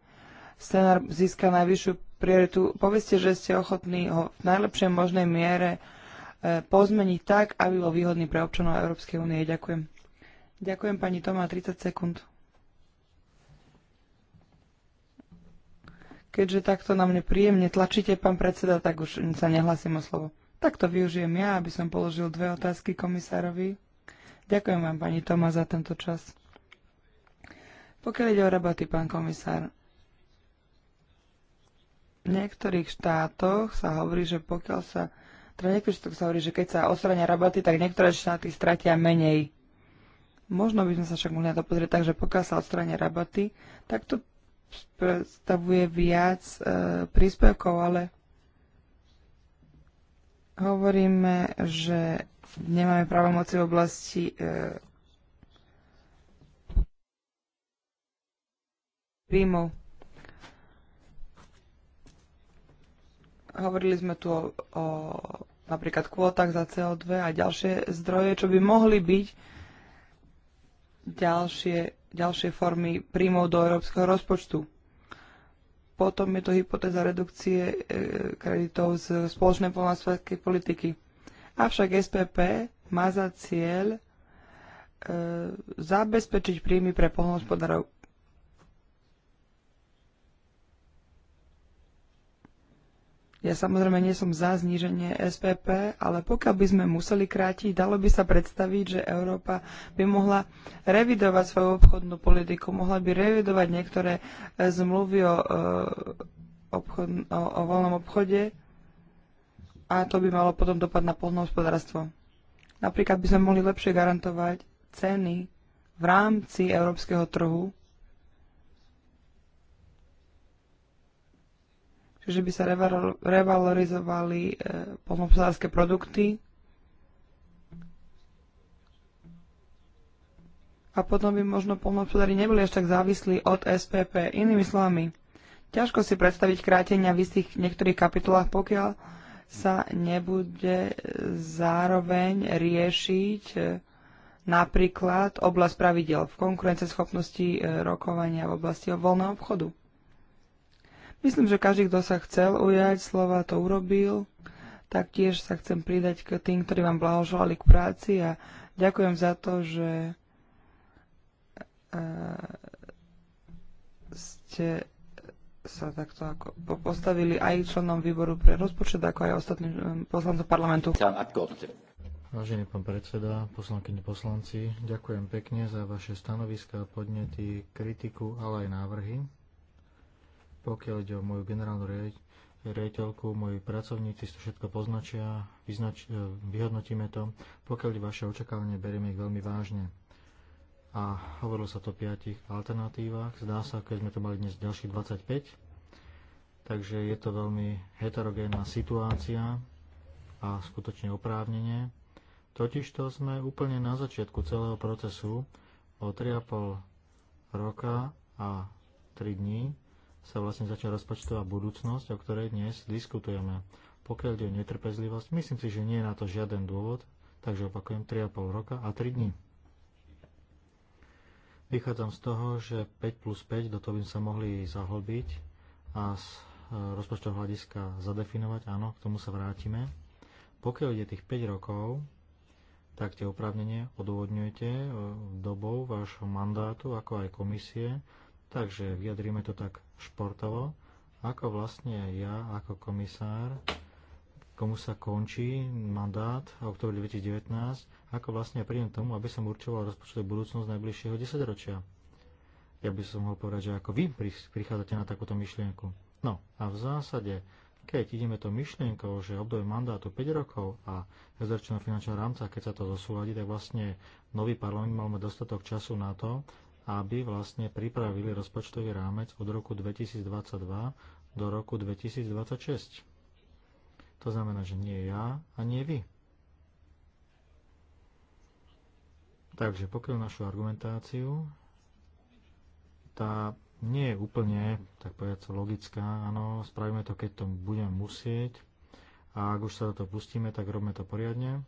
scenár získa najvyššiu prioritu. Povedzte, že ste ochotní ho v najlepšej možnej miere e, pozmeniť tak, aby bol výhodný pre občanov Európskej únie. Ďakujem. Ďakujem pani Toma, 30 sekúnd. Keďže takto na mne príjemne tlačíte, pán predseda, tak už sa nehlasím o slovo. Tak to využijem ja, aby som položil dve otázky komisárovi. Ďakujem vám, pani Toma, za tento čas. Pokiaľ ide o rabaty, pán komisár, v niektorých štátoch sa hovorí, že pokiaľ sa teda niektorých štátoch sa hovorí, že keď sa osrania rabaty, tak niektoré štáty stratia menej. Možno by sme sa však mohli na to pozrieť tak, že pokiaľ sa odstrania rabaty, tak to predstavuje viac e, príspevkov, ale hovoríme, že nemáme právomoci v oblasti e, príjmov. Hovorili sme tu o, o napríklad kvótach za CO2 a ďalšie zdroje, čo by mohli byť ďalšie ďalšie formy príjmov do európskeho rozpočtu. Potom je to hypotéza redukcie e, kreditov z spoločnej poľnohospodárskej politiky. Avšak SPP má za cieľ e, zabezpečiť príjmy pre poľnohospodárov Ja samozrejme nie som za zníženie SPP, ale pokiaľ by sme museli krátiť, dalo by sa predstaviť, že Európa by mohla revidovať svoju obchodnú politiku, mohla by revidovať niektoré e, zmluvy o, e, obchod, o, o voľnom obchode a to by malo potom dopad na poľnohospodárstvo. Napríklad by sme mohli lepšie garantovať ceny v rámci európskeho trhu čiže by sa revalorizovali e, pomopsárske produkty. A potom by možno pomopsári neboli až tak závislí od SPP. Inými slovami, ťažko si predstaviť krátenia v istých niektorých kapitolách, pokiaľ sa nebude e, zároveň riešiť e, napríklad oblasť pravidel v konkurenceschopnosti rokovania v oblasti voľného obchodu. Myslím, že každý, kto sa chcel ujať slova, to urobil. Taktiež sa chcem pridať k tým, ktorí vám blahoželali k práci a ďakujem za to, že e, ste sa takto ako postavili aj členom výboru pre rozpočet, ako aj ostatným e, poslancom parlamentu. Vážený pán predseda, poslankyni poslanci, ďakujem pekne za vaše stanoviska, podnety, kritiku, ale aj návrhy. Pokiaľ ide o moju generálnu riaditeľku, moji pracovníci to všetko poznačia, vyznač, e, vyhodnotíme to. Pokiaľ ide vaše očakávanie, berieme ich veľmi vážne. A hovorilo sa to o piatich alternatívach. Zdá sa, keď sme to mali dnes ďalších 25. Takže je to veľmi heterogénna situácia a skutočne oprávnenie. Totižto sme úplne na začiatku celého procesu o 3,5 roka a 3 dní sa vlastne začal rozpočtová budúcnosť, o ktorej dnes diskutujeme. Pokiaľ ide o netrpezlivosť, myslím si, že nie je na to žiaden dôvod, takže opakujem 3,5 roka a 3 dní. Vychádzam z toho, že 5 plus 5, do toho by sa mohli zahlbiť a z e, rozpočtového hľadiska zadefinovať, áno, k tomu sa vrátime. Pokiaľ ide tých 5 rokov, tak tie oprávnenie odôvodňujete e, dobou vášho mandátu, ako aj komisie, takže vyjadríme to tak športovo, ako vlastne ja ako komisár, komu sa končí mandát v oktobri 2019, ako vlastne ja príjem tomu, aby som určoval rozpočet budúcnosť najbližšieho desaťročia. Ja by som mohol povedať, že ako vy prichádzate na takúto myšlienku. No a v zásade, keď ideme to myšlienkou, že obdobie mandátu 5 rokov a rezerčného finančného rámca, keď sa to zosúladí, tak vlastne nový parlament mal mať dostatok času na to, aby vlastne pripravili rozpočtový rámec od roku 2022 do roku 2026. To znamená, že nie ja a nie vy. Takže pokiaľ našu argumentáciu, tá nie je úplne, tak povedať, logická. Áno, spravíme to, keď to budeme musieť. A ak už sa do toho pustíme, tak robíme to poriadne.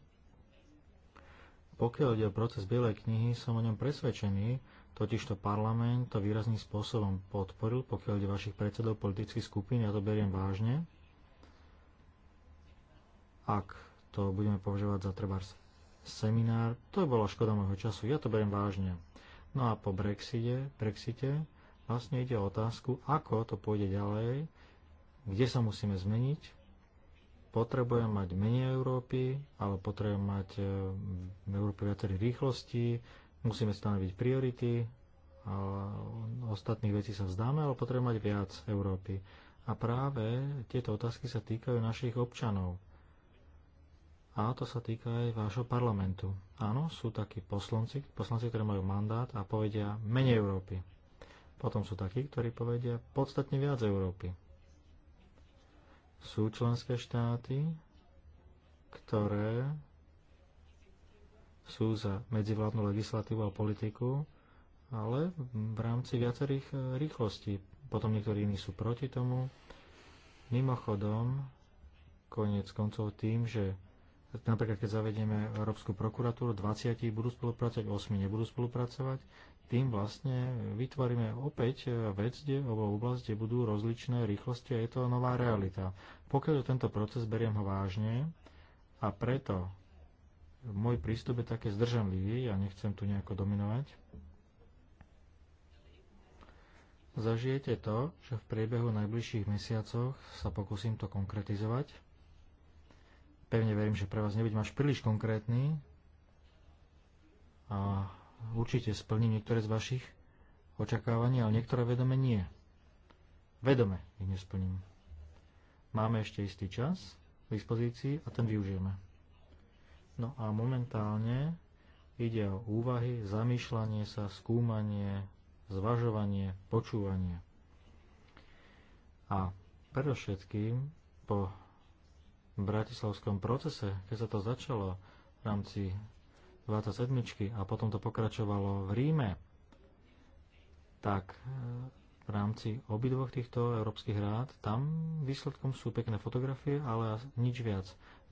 Pokiaľ ide o proces Bielej knihy, som o ňom presvedčený, Totižto parlament to výrazným spôsobom podporil, pokiaľ ide vašich predsedov politických skupín, ja to beriem vážne. Ak to budeme považovať za trebár seminár, to je bola škoda môjho času, ja to beriem vážne. No a po Brexite, Brexite vlastne ide o otázku, ako to pôjde ďalej, kde sa musíme zmeniť, potrebujem mať menej Európy, ale potrebujem mať eh, v Európe viacerých rýchlostí, Musíme stanoviť priority, a ostatných vecí sa vzdáme, ale potrebujeme mať viac Európy. A práve tieto otázky sa týkajú našich občanov. A to sa týka aj vášho parlamentu. Áno, sú takí poslanci, poslanci, ktorí majú mandát a povedia menej Európy. Potom sú takí, ktorí povedia podstatne viac Európy. Sú členské štáty, ktoré sú za medzivládnu legislatívu a politiku, ale v rámci viacerých e, rýchlostí. Potom niektorí iní sú proti tomu. Mimochodom, koniec koncov tým, že napríklad keď zavedieme Európsku prokuratúru, 20 budú spolupracovať, 8 nebudú spolupracovať, tým vlastne vytvoríme opäť e, vec, kde, alebo oblasť, kde budú rozličné rýchlosti a je to nová realita. Pokiaľ tento proces beriem ho vážne a preto môj prístup je také zdržanlivý, ja nechcem tu nejako dominovať. Zažijete to, že v priebehu najbližších mesiacoch sa pokúsim to konkretizovať. Pevne verím, že pre vás nebudem až príliš konkrétny a určite splním niektoré z vašich očakávaní, ale niektoré vedome nie. Vedome ich nesplním. Máme ešte istý čas k dispozícii a ten využijeme. No a momentálne ide o úvahy, zamýšľanie sa, skúmanie, zvažovanie, počúvanie. A predovšetkým po bratislavskom procese, keď sa to začalo v rámci 27. a potom to pokračovalo v Ríme, tak e, v rámci obidvoch týchto európskych rád, tam výsledkom sú pekné fotografie, ale nič viac.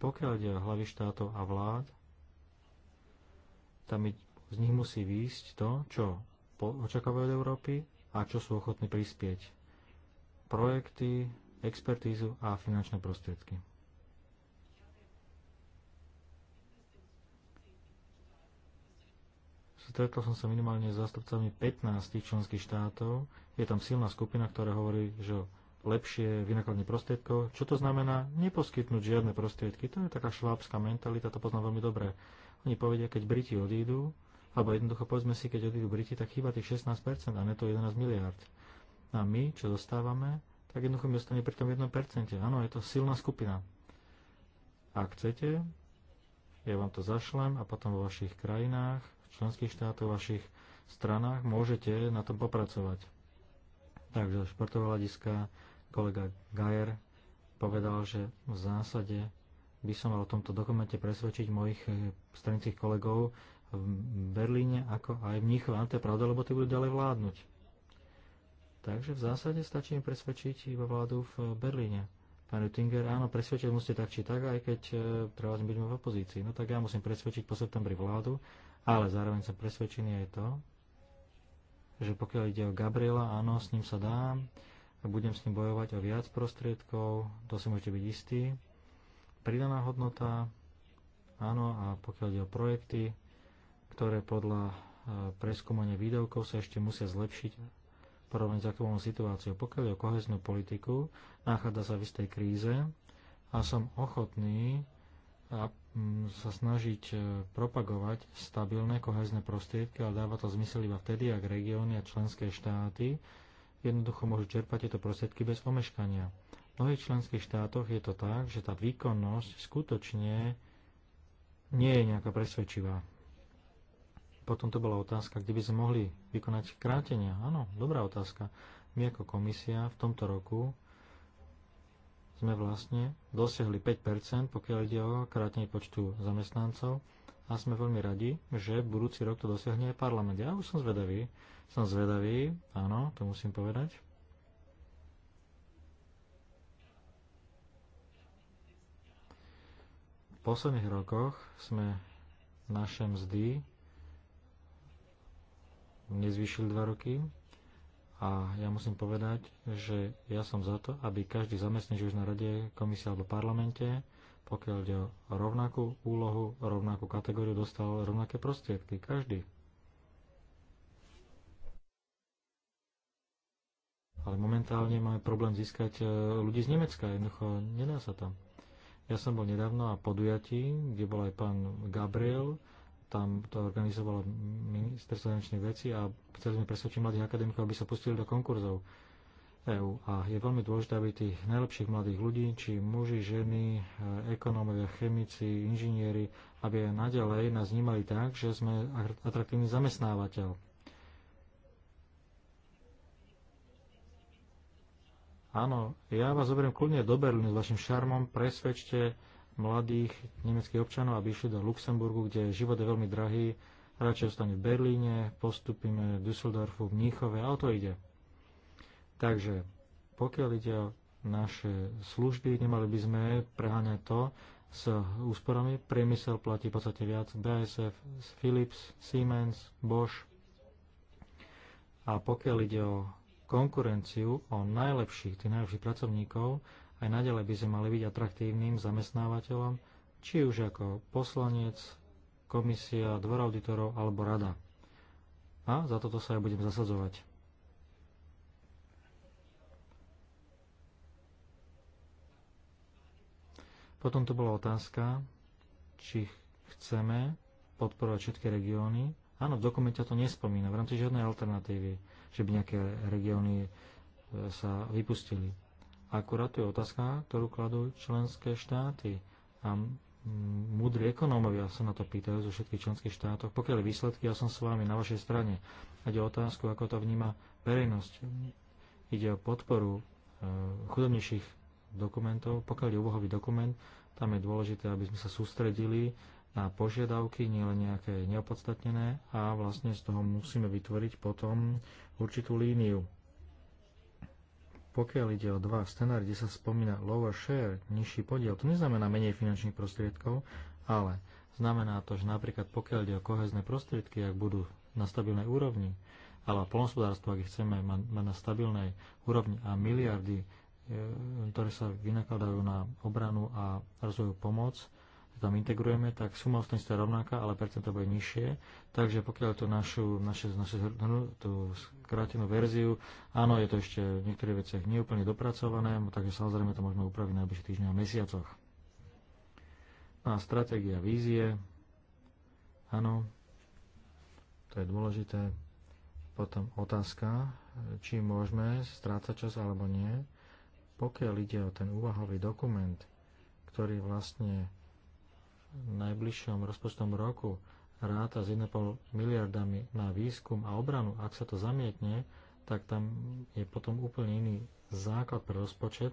Pokiaľ ide o hlavy štátov a vlád, tam z nich musí výjsť to, čo očakávajú od Európy a čo sú ochotní prispieť. Projekty, expertízu a finančné prostriedky. Stretol som sa minimálne s zástupcami 15 členských štátov. Je tam silná skupina, ktorá hovorí, že lepšie vynakladanie prostriedkov. Čo to znamená? Neposkytnúť žiadne prostriedky. To je taká švábska mentalita, to poznám veľmi dobre. Oni povedia, keď Briti odídu, alebo jednoducho povedzme si, keď odídu Briti, tak chýba tých 16% a ne to 11 miliard. A my, čo dostávame, tak jednoducho mi ostane pri tom 1%. Áno, je to silná skupina. Ak chcete, ja vám to zašlem a potom vo vašich krajinách, v členských štátoch, vašich stranách môžete na tom popracovať. Takže športového hľadiska, kolega Gajer povedal, že v zásade by som mal o tomto dokumente presvedčiť mojich eh, stranických kolegov v Berlíne ako aj v nich vám to je pravda, lebo tí budú ďalej vládnuť. Takže v zásade stačí mi presvedčiť iba vládu v Berlíne. Pán Rutinger, áno, presvedčiť musíte tak či tak, aj keď eh, e, treba byť v opozícii. No tak ja musím presvedčiť po septembri vládu, ale zároveň som presvedčený aj to, že pokiaľ ide o Gabriela, áno, s ním sa dá budem s ním bojovať o viac prostriedkov, to si môžete byť istý, Pridaná hodnota, áno, a pokiaľ ide o projekty, ktoré podľa e, preskúmania výdavkov sa ešte musia zlepšiť porovnať s aktuálnou situáciou. Pokiaľ ide o koheznú politiku, nachádza sa v istej kríze a som ochotný a sa snažiť e, propagovať stabilné kohezné prostriedky, ale dáva to zmysel iba vtedy, ak regióny a členské štáty jednoducho môžu čerpať tieto prostriedky bez omeškania. V mnohých členských štátoch je to tak, že tá výkonnosť skutočne nie je nejaká presvedčivá. Potom to bola otázka, kde by sme mohli vykonať krátenia. Áno, dobrá otázka. My ako komisia v tomto roku sme vlastne dosiahli 5%, pokiaľ ide o krátenie počtu zamestnancov a sme veľmi radi, že budúci rok to dosiahne aj parlament. Ja už som zvedavý, som zvedavý, áno, to musím povedať. V posledných rokoch sme naše mzdy nezvýšili dva roky, a ja musím povedať, že ja som za to, aby každý zamestnanec už na rade, komisie alebo parlamente, pokiaľ ide o rovnakú úlohu, rovnakú kategóriu, dostal rovnaké prostriedky. Každý. Ale momentálne máme problém získať e, ľudí z Nemecka. Jednoducho nedá sa tam. Ja som bol nedávno na podujatí, kde bol aj pán Gabriel, tam to organizovalo ministerstvo zahraničnej veci a chceli sme presvedčiť mladých akademikov, aby sa pustili do konkurzov EÚ. A je veľmi dôležité, aby tých najlepších mladých ľudí, či muži, ženy, e, ekonómovia, chemici, inžinieri, aby aj naďalej nás vnímali tak, že sme atraktívny zamestnávateľ Áno, ja vás zoberiem kľudne do Berlínu s vašim šarmom, presvedčte mladých nemeckých občanov, aby išli do Luxemburgu, kde život je veľmi drahý, radšej ostane v Berlíne, postupíme v Düsseldorfu, v Mníchove a o to ide. Takže pokiaľ ide o naše služby, nemali by sme preháňať to s úsporami. Priemysel platí v podstate viac BASF, Philips, Siemens, Bosch. A pokiaľ ide o konkurenciu o najlepších, tých najlepších pracovníkov, aj naďalej by sme mali byť atraktívnym zamestnávateľom, či už ako poslanec, komisia, dvor auditorov alebo rada. A za toto sa aj budem zasadzovať. Potom to bola otázka, či chceme podporovať všetky regióny. Áno, v dokumente to nespomína, v rámci žiadnej alternatívy že by nejaké regióny e, sa vypustili. Akurát to je otázka, ktorú kladú členské štáty. A múdri ekonómovia sa na to pýtajú zo všetkých členských štátov. Pokiaľ výsledky, ja som s vami na vašej strane. A ide o otázku, ako to vníma verejnosť. Ide o podporu e, chudobnejších dokumentov. Pokiaľ je úvahový dokument, tam je dôležité, aby sme sa sústredili na požiadavky, nielen nejaké neopodstatnené a vlastne z toho musíme vytvoriť potom určitú líniu. Pokiaľ ide o dva scenári, kde sa spomína lower share, nižší podiel, to neznamená menej finančných prostriedkov, ale znamená to, že napríklad pokiaľ ide o kohezné prostriedky, ak budú na stabilnej úrovni, ale polnospodárstvo, ak ich chceme mať na stabilnej úrovni a miliardy, e, ktoré sa vynakladajú na obranu a rozvoju pomoc, tam integrujeme, tak suma ostane rovnaká, ale percento bude nižšie. Takže pokiaľ tú našu, naše, naše tú skrátenú verziu, áno, je to ešte v niektorých veciach neúplne dopracované, no takže samozrejme to môžeme upraviť na najbližších týždňoch a mesiacoch. No a stratégia vízie, áno, to je dôležité. Potom otázka, či môžeme strácať čas alebo nie. Pokiaľ ide o ten úvahový dokument, ktorý vlastne najbližšom rozpočtom roku ráta s 1,5 miliardami na výskum a obranu, ak sa to zamietne, tak tam je potom úplne iný základ pre rozpočet,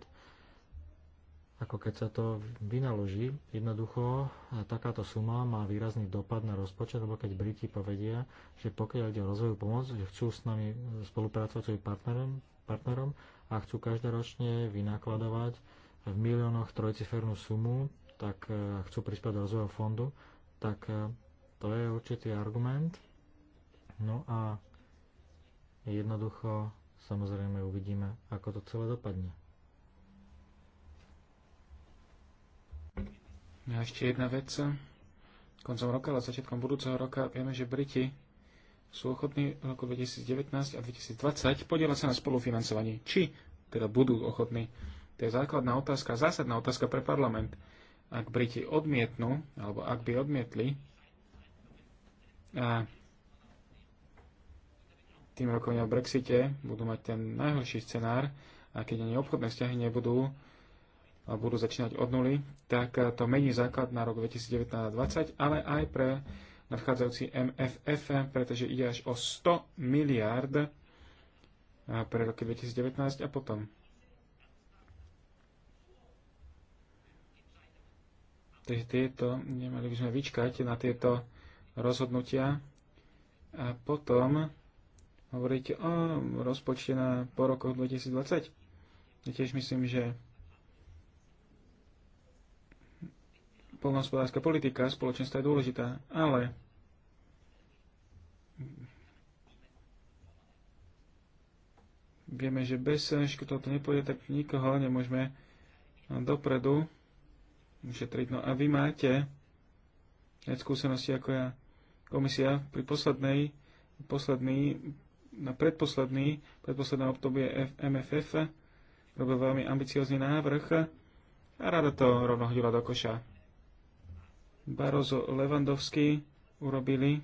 ako keď sa to vynaloží. Jednoducho eh, takáto suma má výrazný dopad na rozpočet, lebo keď Briti povedia, že pokiaľ ide o rozvoju pomoc, že chcú s nami eh, spolupracovať svojim partnerom, partnerom a chcú každoročne vynakladovať v miliónoch trojcifernú sumu, tak e, chcú prispieť do rozvojového fondu, tak e, to je určitý argument. No a jednoducho samozrejme uvidíme, ako to celé dopadne. No a ešte jedna vec. Koncom roka, ale začiatkom budúceho roka vieme, že Briti sú ochotní v roku 2019 a 2020 podielať sa na spolufinancovaní. Či teda budú ochotní? To je základná otázka, zásadná otázka pre parlament ak Briti odmietnú, alebo ak by odmietli, a tým rokovania o Brexite budú mať ten najhorší scenár, a keď ani obchodné vzťahy nebudú a budú začínať od nuly, tak to mení základ na rok 2019-2020, ale aj pre nadchádzajúci MFF, pretože ide až o 100 miliárd pre roky 2019 a potom. Takže tieto, nemali by sme vyčkať na tieto rozhodnutia a potom hovoríte o rozpočte na po rokoch 2020. Ja tiež myslím, že polnohospodárska politika spoločenstva je dôležitá, ale vieme, že bez škrtov to nepôjde, tak nikoho nemôžeme dopredu ušetriť. No a vy máte viac skúsenosti ako ja. Komisia pri poslednej, posledný, na predposledný, predposledné obdobie MFF robil veľmi ambiciózny návrh a rada to rovno hodila do koša. Barozo Levandovský urobili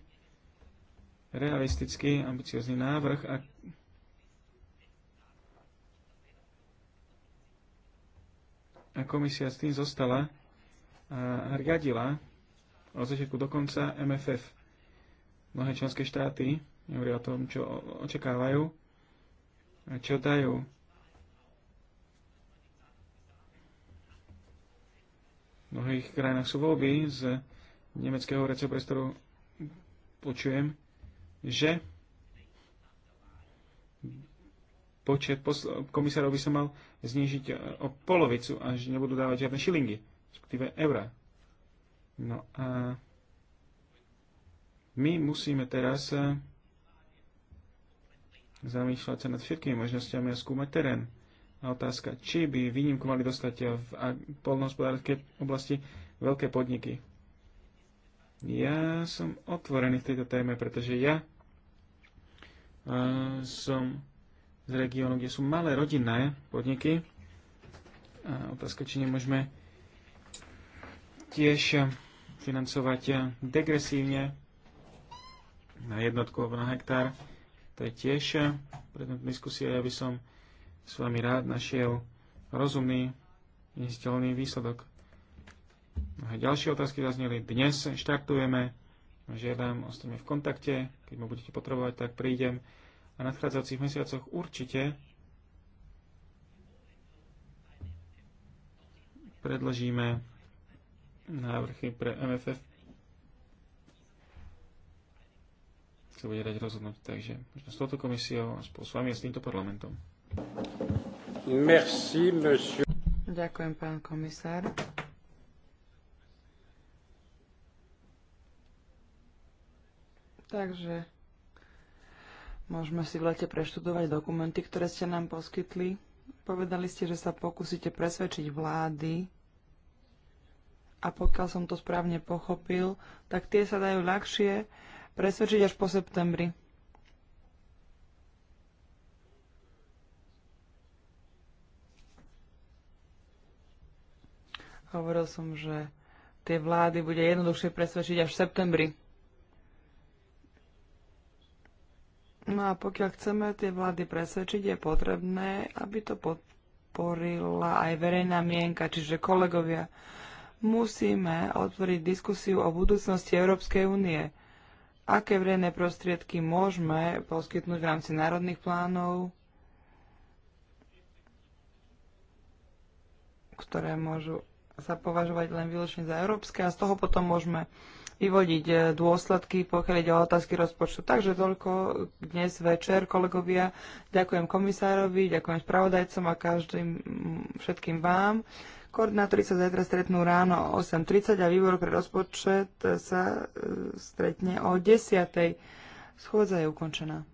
realistický, ambiciózny návrh a a komisia s tým zostala riadila od začiatku do konca MFF. Mnohé členské štáty hovorí o tom, čo očakávajú, čo dajú. V mnohých krajinách sú voľby z nemeckého hovoreceho priestoru počujem, že počet komisárov by sa mal znížiť o polovicu, až nebudú dávať žiadne šilingy respektíve eura. No a my musíme teraz zamýšľať sa nad všetkými možnosťami a skúmať terén. A otázka, či by výnimku mali dostať v polnohospodárskej oblasti veľké podniky. Ja som otvorený v tejto téme, pretože ja som z regiónu, kde sú malé rodinné podniky. A otázka, či nemôžeme tiež financovať degresívne na jednotku alebo na hektár. To je tiež predmet diskusie. Ja by som s vami rád našiel rozumný, neziteľný výsledok. Mnohé ďalšie otázky zazneli. Dnes štartujeme. Žiadam, ostaňme v kontakte. Keď ma budete potrebovať, tak prídem. A v nadchádzajúcich mesiacoch určite predložíme návrhy pre MFF sa bude dať rozhodnúť. Takže možno s touto komisiou a spolu s vami a s týmto parlamentom. Merci, monsieur. Ďakujem, pán komisár. Takže môžeme si v lete preštudovať dokumenty, ktoré ste nám poskytli. Povedali ste, že sa pokúsite presvedčiť vlády, a pokiaľ som to správne pochopil, tak tie sa dajú ľahšie presvedčiť až po septembri. Hovoril som, že tie vlády bude jednoduchšie presvedčiť až v septembri. No a pokiaľ chceme tie vlády presvedčiť, je potrebné, aby to podporila aj verejná mienka, čiže kolegovia, musíme otvoriť diskusiu o budúcnosti Európskej únie. Aké verejné prostriedky môžeme poskytnúť v rámci národných plánov, ktoré môžu sa považovať len výlučne za európske a z toho potom môžeme vyvodiť eh, dôsledky, pokiaľ ide o otázky rozpočtu. Takže toľko dnes večer, kolegovia. Ďakujem komisárovi, ďakujem spravodajcom a každým, mm, všetkým vám. Koordinátori sa zajtra stretnú ráno o 8.30 a výbor pre rozpočet sa e, stretne o 10.00. Schôdza je ukončená.